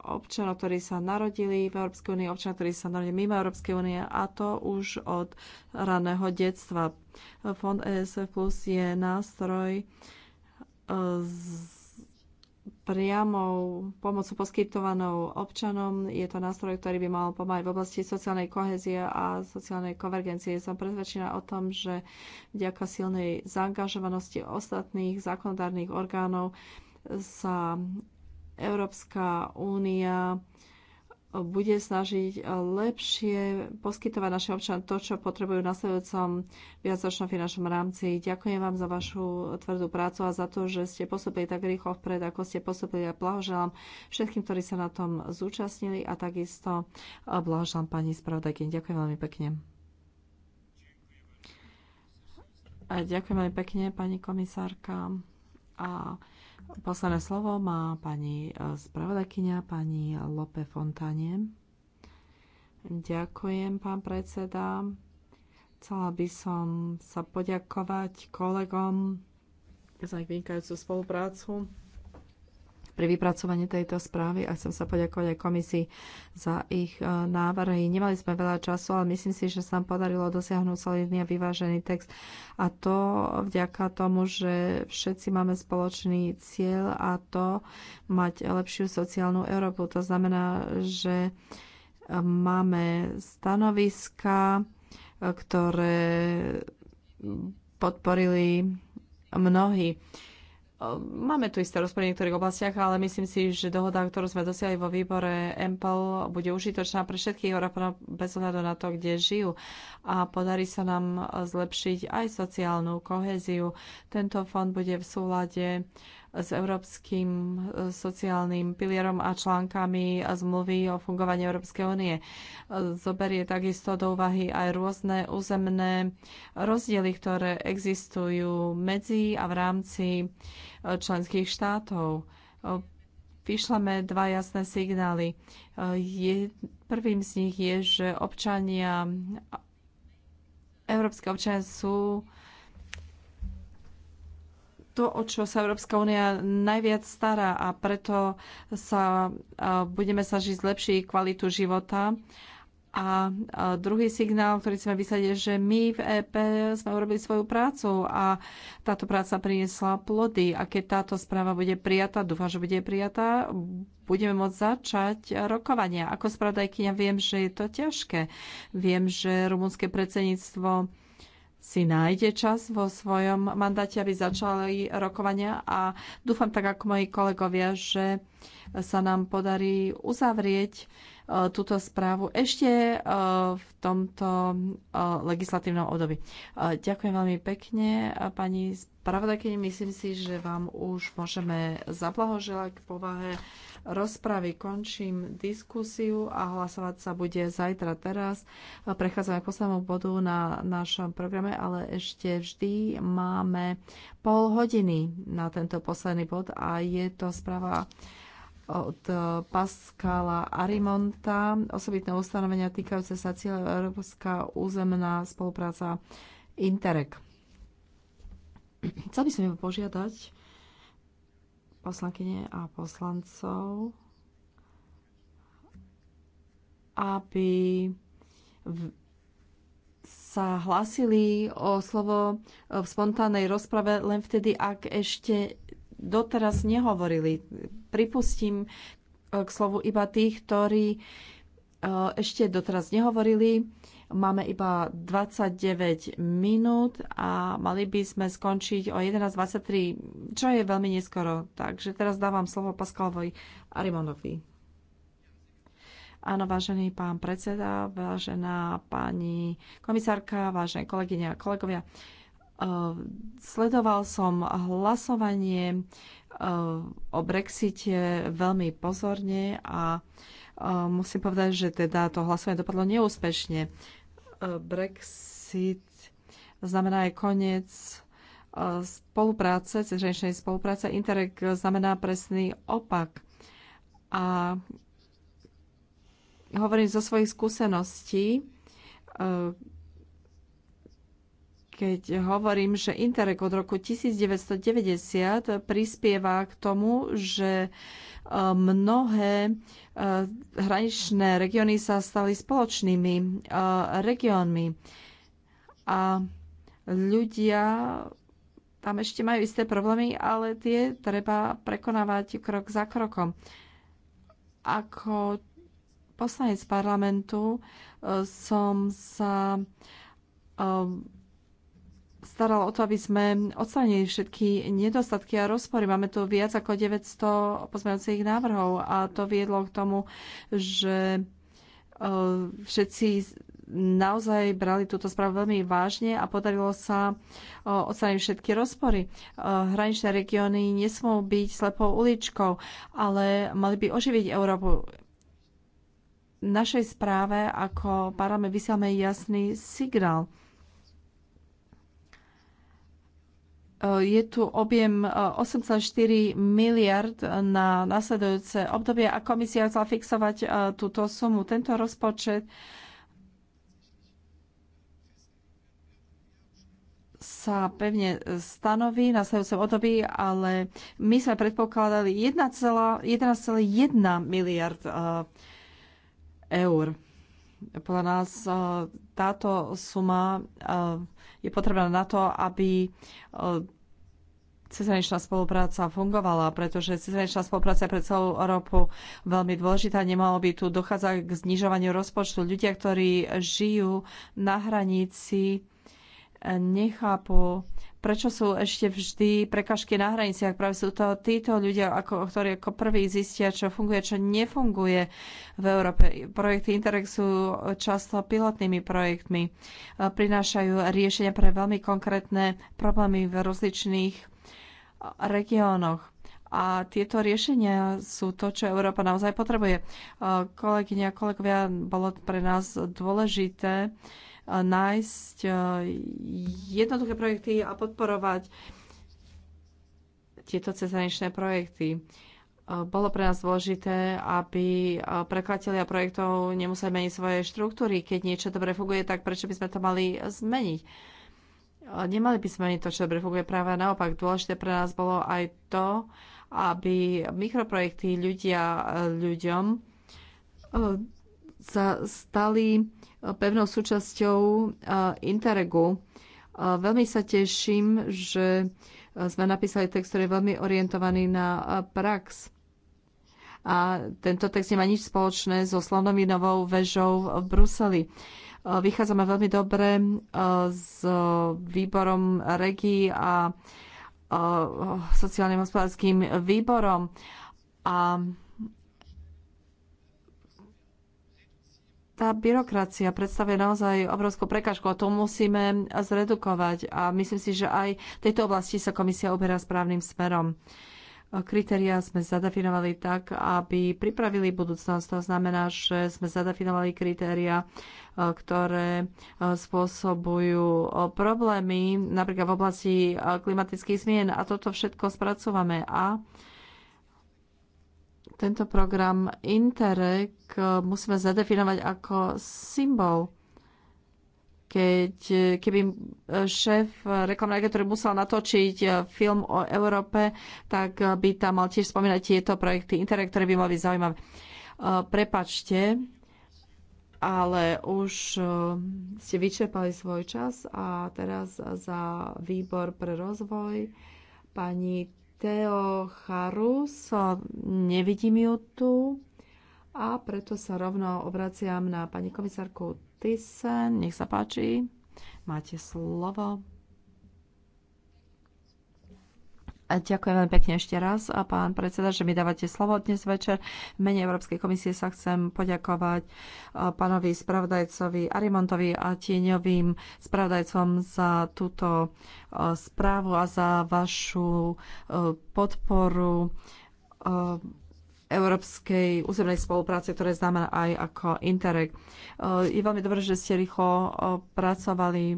občanov, ktorí sa narodili v Európskej únii, občanov, ktorí sa narodili mimo Európskej únie a to už od raného detstva. Fond ESF Plus je nástroj z priamou pomocou poskytovanou občanom. Je to nástroj, ktorý by mal pomáhať v oblasti sociálnej kohezie a sociálnej konvergencie. Som presvedčená o tom, že vďaka silnej zaangažovanosti ostatných zákonodárnych orgánov sa Európska únia bude snažiť lepšie poskytovať našim občanom to, čo potrebujú v nasledujúcom viacročnom finančnom rámci. Ďakujem vám za vašu tvrdú prácu a za to, že ste postupili tak rýchlo vpred, ako ste postupili a blahoželám všetkým, ktorí sa na tom zúčastnili a takisto blahoželám pani spravodajkyni. Ďakujem veľmi pekne. A ďakujem veľmi pekne, pani komisárka. A Posledné slovo má pani e, spravodakyňa, pani Lope Fontanie. Ďakujem, pán predseda. Chcela by som sa poďakovať kolegom za ich vynikajúcu spoluprácu pri vypracovaní tejto správy a chcem sa poďakovať aj komisii za ich e, návrhy. Nemali sme veľa času, ale myslím si, že sa nám podarilo dosiahnuť solidný a vyvážený text. A to vďaka tomu, že všetci máme spoločný cieľ a to mať lepšiu sociálnu Európu. To znamená, že e, máme stanoviska, e, ktoré podporili mnohí. Máme tu isté rozpory v niektorých oblastiach, ale myslím si, že dohoda, ktorú sme dosiahli vo výbore MPL, bude užitočná pre všetkých Európanov bez ohľadu na to, kde žijú. A podarí sa nám zlepšiť aj sociálnu kohéziu. Tento fond bude v súlade s Európskym e, sociálnym pilierom a článkami a zmluvy o fungovaní Európskej únie. E, zoberie takisto do úvahy aj rôzne územné rozdiely, ktoré existujú medzi a v rámci e, členských štátov. Vyšleme dva jasné signály. Je, prvým z nich je, že občania, európske občania sú to, o čo sa Európska únia najviac stará a preto sa budeme žiť lepší kvalitu života. A druhý signál, ktorý sme vyslať, je, že my v EP sme urobili svoju prácu a táto práca priniesla plody. A keď táto správa bude prijatá, dúfam, že bude prijatá, budeme môcť začať rokovania. Ako spravodajkynia viem, že je to ťažké. Viem, že rumunské predsedníctvo si nájde čas vo svojom mandáte, aby začali rokovania a dúfam tak ako moji kolegovia, že sa nám podarí uzavrieť Eh, túto správu ešte eh, v tomto eh, legislatívnom období. Ďakujem veľmi pekne, pani spravodajkyni. Myslím si, že vám už môžeme zablahoželať k povahe rozpravy. Končím diskusiu a hlasovať sa bude zajtra teraz. Prechádzame k poslednému bodu na našom programe, ale ešte vždy máme pol hodiny na tento posledný bod a je to správa od eh, Pascala Arimonta, osobitné ustanovenia týkajúce sa cieľa Európska územná spolupráca Interreg. Chcel by som požiadať poslankyne a poslancov, aby sa hlásili o slovo v spontánnej rozprave len vtedy, ak ešte doteraz nehovorili. Pripustím e, k slovu iba tých, ktorí e, ešte doteraz nehovorili. Máme iba 29 minút a mali by sme skončiť o 11.23, čo je veľmi neskoro. Takže teraz dávam slovo Paskalovi Arimonovi. Áno, vážený pán predseda, vážená pani komisárka, vážené kolegyne a kolegovia. Uh, sledoval som hlasovanie eh, o Brexite veľmi pozorne a eh, musím povedať, že teda to hlasovanie dopadlo neúspešne. Eh, Brexit znamená aj koniec spolupráce, cezhraničnej spolupráce. Interreg znamená presný opak. A hovorím zo svojich skúseností, keď hovorím, že Interreg od roku 1990 prispieva k tomu, že e, mnohé e, hraničné regióny sa stali spoločnými e, regiónmi. A ľudia tam ešte majú isté problémy, ale tie treba prekonávať krok za krokom. Ako poslanec parlamentu som sa staral o to, aby sme odstranili všetky nedostatky a rozpory. Máme tu viac ako 900 pozmeňujúcich návrhov a to viedlo k tomu, že e, všetci naozaj brali túto správu veľmi vážne a podarilo sa e, odstrániť všetky rozpory. E, hraničné regióny nesmú byť slepou uličkou, ale mali by oživiť Európu V našej správe ako parlament vysielame jasný signál. je tu objem 8,4 e, miliard na nasledujúce obdobie a komisia chcela fixovať e, túto sumu. Tento rozpočet sa pevne stanoví na sledujúcom období, ale my sme predpokladali 11,1 miliard e, eur podľa nás e, táto suma e, je potrebná na to, aby e, cezhraničná spolupráca fungovala, pretože cezhraničná spolupráca je pre celú Európu veľmi dôležitá. Nemalo by tu dochádzať k znižovaniu rozpočtu. Ľudia, ktorí žijú na hranici nechápu, prečo sú ešte vždy prekažky na hraniciach. Práve sú to títo ľudia, ako, ktorí ako prví zistia, čo funguje, čo nefunguje v Európe. Projekty Interreg sú často pilotnými projektmi. Prinášajú riešenia pre veľmi konkrétne problémy v rozličných regiónoch. A tieto riešenia sú to, čo Európa naozaj potrebuje. Kolegyne a kolegovia, bolo pre nás dôležité nájsť e, jednoduché projekty a podporovať tieto cezhraničné projekty. E, bolo pre nás dôležité, aby e, prekladatelia projektov nemuseli meniť svoje štruktúry. Keď niečo dobre funguje, tak prečo by sme to mali zmeniť? Nemali by sme meniť to, čo dobre funguje. Práve naopak, dôležité pre nás bolo aj to, aby mikroprojekty ľudia ľuďom sa stali eh, pevnou súčasťou eh, Interregu. Eh, veľmi sa teším, že sme napísali text, ktorý je veľmi orientovaný na prax. A tento text nemá nič spoločné so slonovinovou väžou v Bruseli. Vychádzame veľmi dobre s výborom regí a sociálnym hospodárským výborom. A tá byrokracia predstavuje naozaj obrovskú prekážku a to musíme zredukovať. A myslím si, že aj v tejto oblasti sa komisia uberá správnym smerom. Kritéria sme zadefinovali tak, aby pripravili budúcnosť. To znamená, že sme zadefinovali kritéria, ktoré eh, spôsobujú eh, problémy, napríklad v oblasti eh, klimatických zmien. A toto všetko spracúvame. A tento program Interreg eh, musíme zadefinovať ako symbol. Keď, eh, keby eh, šéf reklamnej agentúry musel natočiť film o Európe, tak by tam mal tiež spomínať tieto projekty Interreg, ktoré by mali byť zaujímavé. Prepačte, ale už ste vyčerpali svoj čas a teraz za výbor pre rozvoj pani Teo Charus, nevidím ju tu a preto sa rovno obraciam na pani komisárku Thyssen. Nech sa páči, máte slovo. A ďakujem veľmi pekne ešte raz, a pán predseda, že mi dávate slovo dnes večer. V mene Európskej komisie sa chcem poďakovať pánovi spravodajcovi Arimontovi a tieňovým spravodajcom za túto správu a za vašu podporu európskej územnej spolupráce, ktoré znamená aj ako Interreg. Eh, je veľmi dobré, že ste rýchlo eh, pracovali.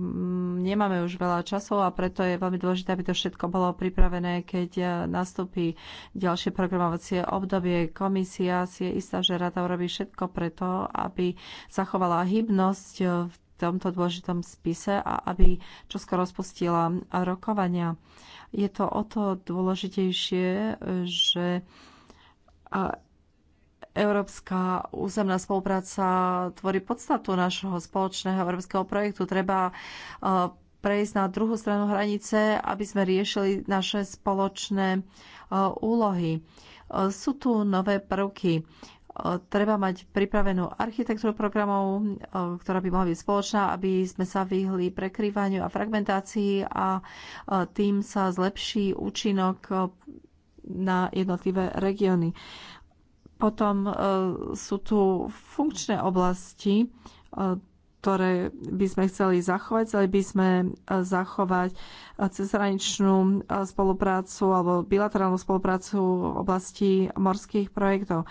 Nemáme už veľa časov a preto je veľmi dôležité, aby to všetko bolo pripravené, keď eh, nastúpi ďalšie programovacie obdobie. Komisia si je istá, že rada urobí všetko preto, aby zachovala hybnosť v tomto dôležitom spise a aby čoskoro spustila rokovania. Je to o to dôležitejšie, že Európska územná spolupráca tvorí podstatu našho spoločného európskeho projektu. Treba e, prejsť na druhú stranu hranice, aby sme riešili naše spoločné e, úlohy. E, sú tu nové prvky. Treba mať pripravenú architektúru programov, ktorá by mohla byť spoločná, aby sme sa vyhli prekrývaniu a fragmentácii a tým sa zlepší účinok na jednotlivé regióny. Potom e, sú tu funkčné oblasti, e, ktoré by sme chceli zachovať. Chceli by sme e, zachovať cezhraničnú spoluprácu alebo bilaterálnu spoluprácu v oblasti morských projektov.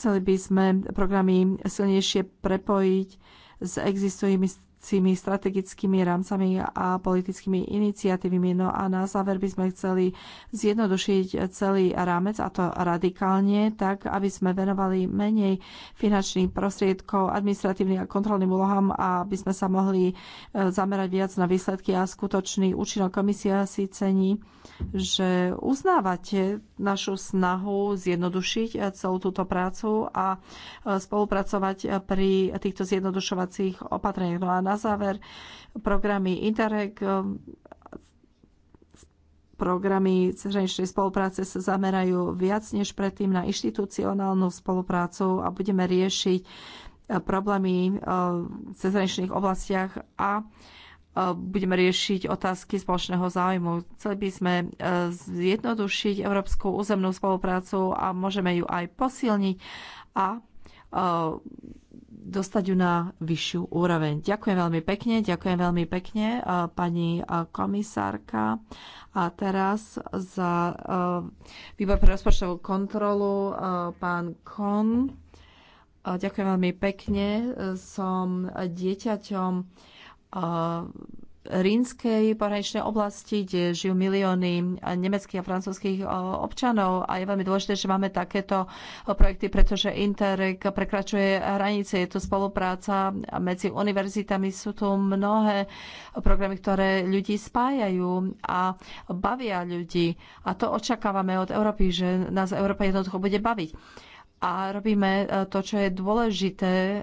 Chceli by sme programy silnejšie prepojiť s existujúcimi budúcimi strategickými rámcami a politickými iniciatívami. No a na záver by sme chceli zjednodušiť celý rámec, a to radikálne, tak aby sme venovali menej finančných prostriedkov administratívnym a kontrolným úlohám a aby sme sa mohli e, zamerať viac na výsledky a skutočný účinok. Komisia si cení, že uznávate našu snahu zjednodušiť e, celú túto prácu a e, spolupracovať pri týchto zjednodušovacích opatreniach. No a na záver programy Interreg, eh, programy cezhraničnej spolupráce sa zamerajú viac než predtým na inštitucionálnu spoluprácu a budeme riešiť eh, problémy eh, v cezhraničných oblastiach a budeme riešiť otázky spoločného záujmu. Chceli by sme zjednodušiť európsku územnú spoluprácu a môžeme ju aj posilniť a dostať ju na vyššiu úroveň. Ďakujem veľmi pekne, ďakujem veľmi pekne pani komisárka. A teraz za výbor pre rozpočtovú kontrolu pán Kon. Ďakujem veľmi pekne. Som dieťaťom rínskej pohraničnej oblasti, kde žijú milióny nemeckých a francúzských občanov a je veľmi dôležité, že máme takéto projekty, pretože Interreg prekračuje hranice, je tu spolupráca medzi univerzitami, sú tu mnohé programy, ktoré ľudí spájajú a bavia ľudí a to očakávame od Európy, že nás Európa jednoducho bude baviť a robíme e, to, čo je dôležité e,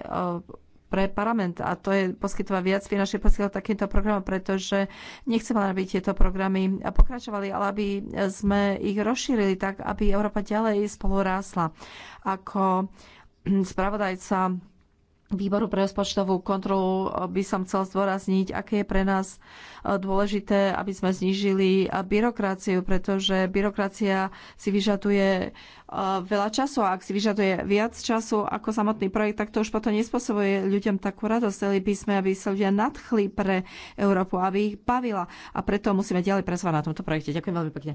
pre parlament a to je poskytovať viac finančných prostriedkov takýmto programom, pretože nechceme len, aby tieto programy pokračovali, ale aby sme ich rozšírili tak, aby Európa ďalej spolu rásla. Ako spravodajca výboru pre rozpočtovú kontrolu by som chcel zdôrazniť, aké je pre nás e, dôležité, aby sme znížili e, byrokraciu, pretože byrokracia si vyžaduje e, veľa času a ak si vyžaduje viac času ako samotný projekt, tak to už potom nespôsobuje ľuďom takú radosť. Chceli by sme, aby sa ľudia nadchli pre Európu, aby ich bavila a preto musíme ďalej pracovať na tomto projekte. Ďakujem veľmi pekne.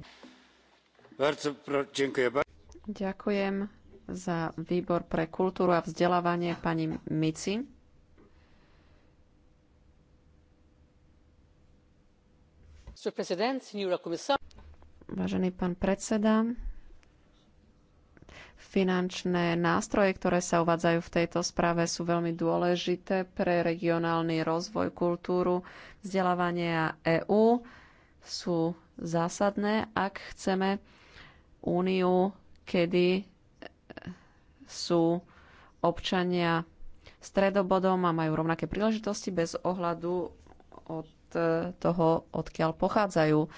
Ďakujem za výbor pre kultúru a vzdelávanie pani Mici. Vážený pán predseda, finančné nástroje, ktoré sa uvádzajú v tejto správe, sú veľmi dôležité pre regionálny rozvoj, kultúru, vzdelávanie a EÚ. Sú zásadné, ak chceme úniu, kedy sú občania stredobodom a majú rovnaké príležitosti bez ohľadu od e, toho, odkiaľ pochádzajú. E,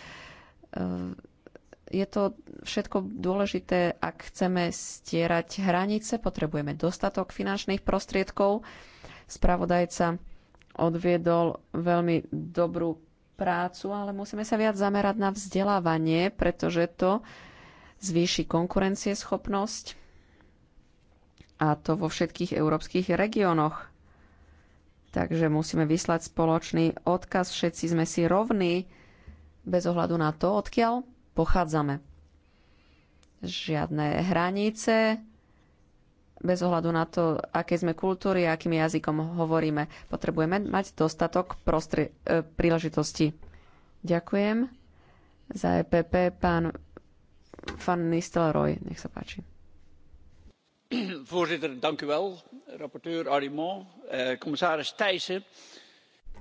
je to všetko dôležité, ak chceme stierať hranice, potrebujeme dostatok finančných prostriedkov. Spravodajca odviedol veľmi dobrú prácu, ale musíme sa viac zamerať na vzdelávanie, pretože to zvýši konkurencieschopnosť a to vo všetkých európskych regiónoch. Takže musíme vyslať spoločný odkaz, všetci sme si rovní, bez ohľadu na to, odkiaľ pochádzame. Žiadne hranice, bez ohľadu na to, aké sme kultúry, akým jazykom hovoríme. Potrebujeme mať dostatok prostri- e, príležitosti. Ďakujem za EPP, pán Van Nistelrooy. Nech sa páči. voorzitter rapporteur arimont eh, commissaris thyssen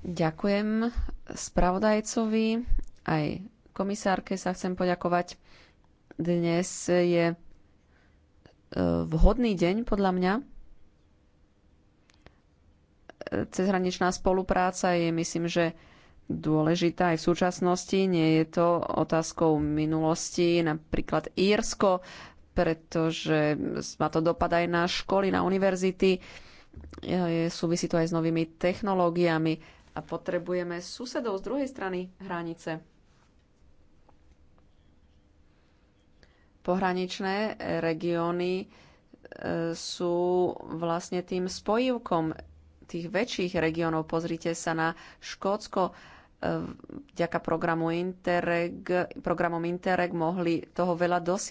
ďakujem spravodajcovi aj komisárke sa chcem poďakovať. Dnes je eh, vhodný deň podľa mňa. Eh, cezhraničná spolupráca je myslím, že dôležitá aj v súčasnosti. Nie je to otázkou minulosti. Napríklad Írsko pretože ma to dopad aj na školy, na univerzity. E, súvisí to aj s novými technológiami a potrebujeme susedov z druhej strany hranice. Pohraničné regióny e, sú vlastne tým spojivkom tých väčších regiónov. Pozrite sa na Škótsko e, vďaka programu Interreg, programom Interreg mohli toho veľa dosiahnuť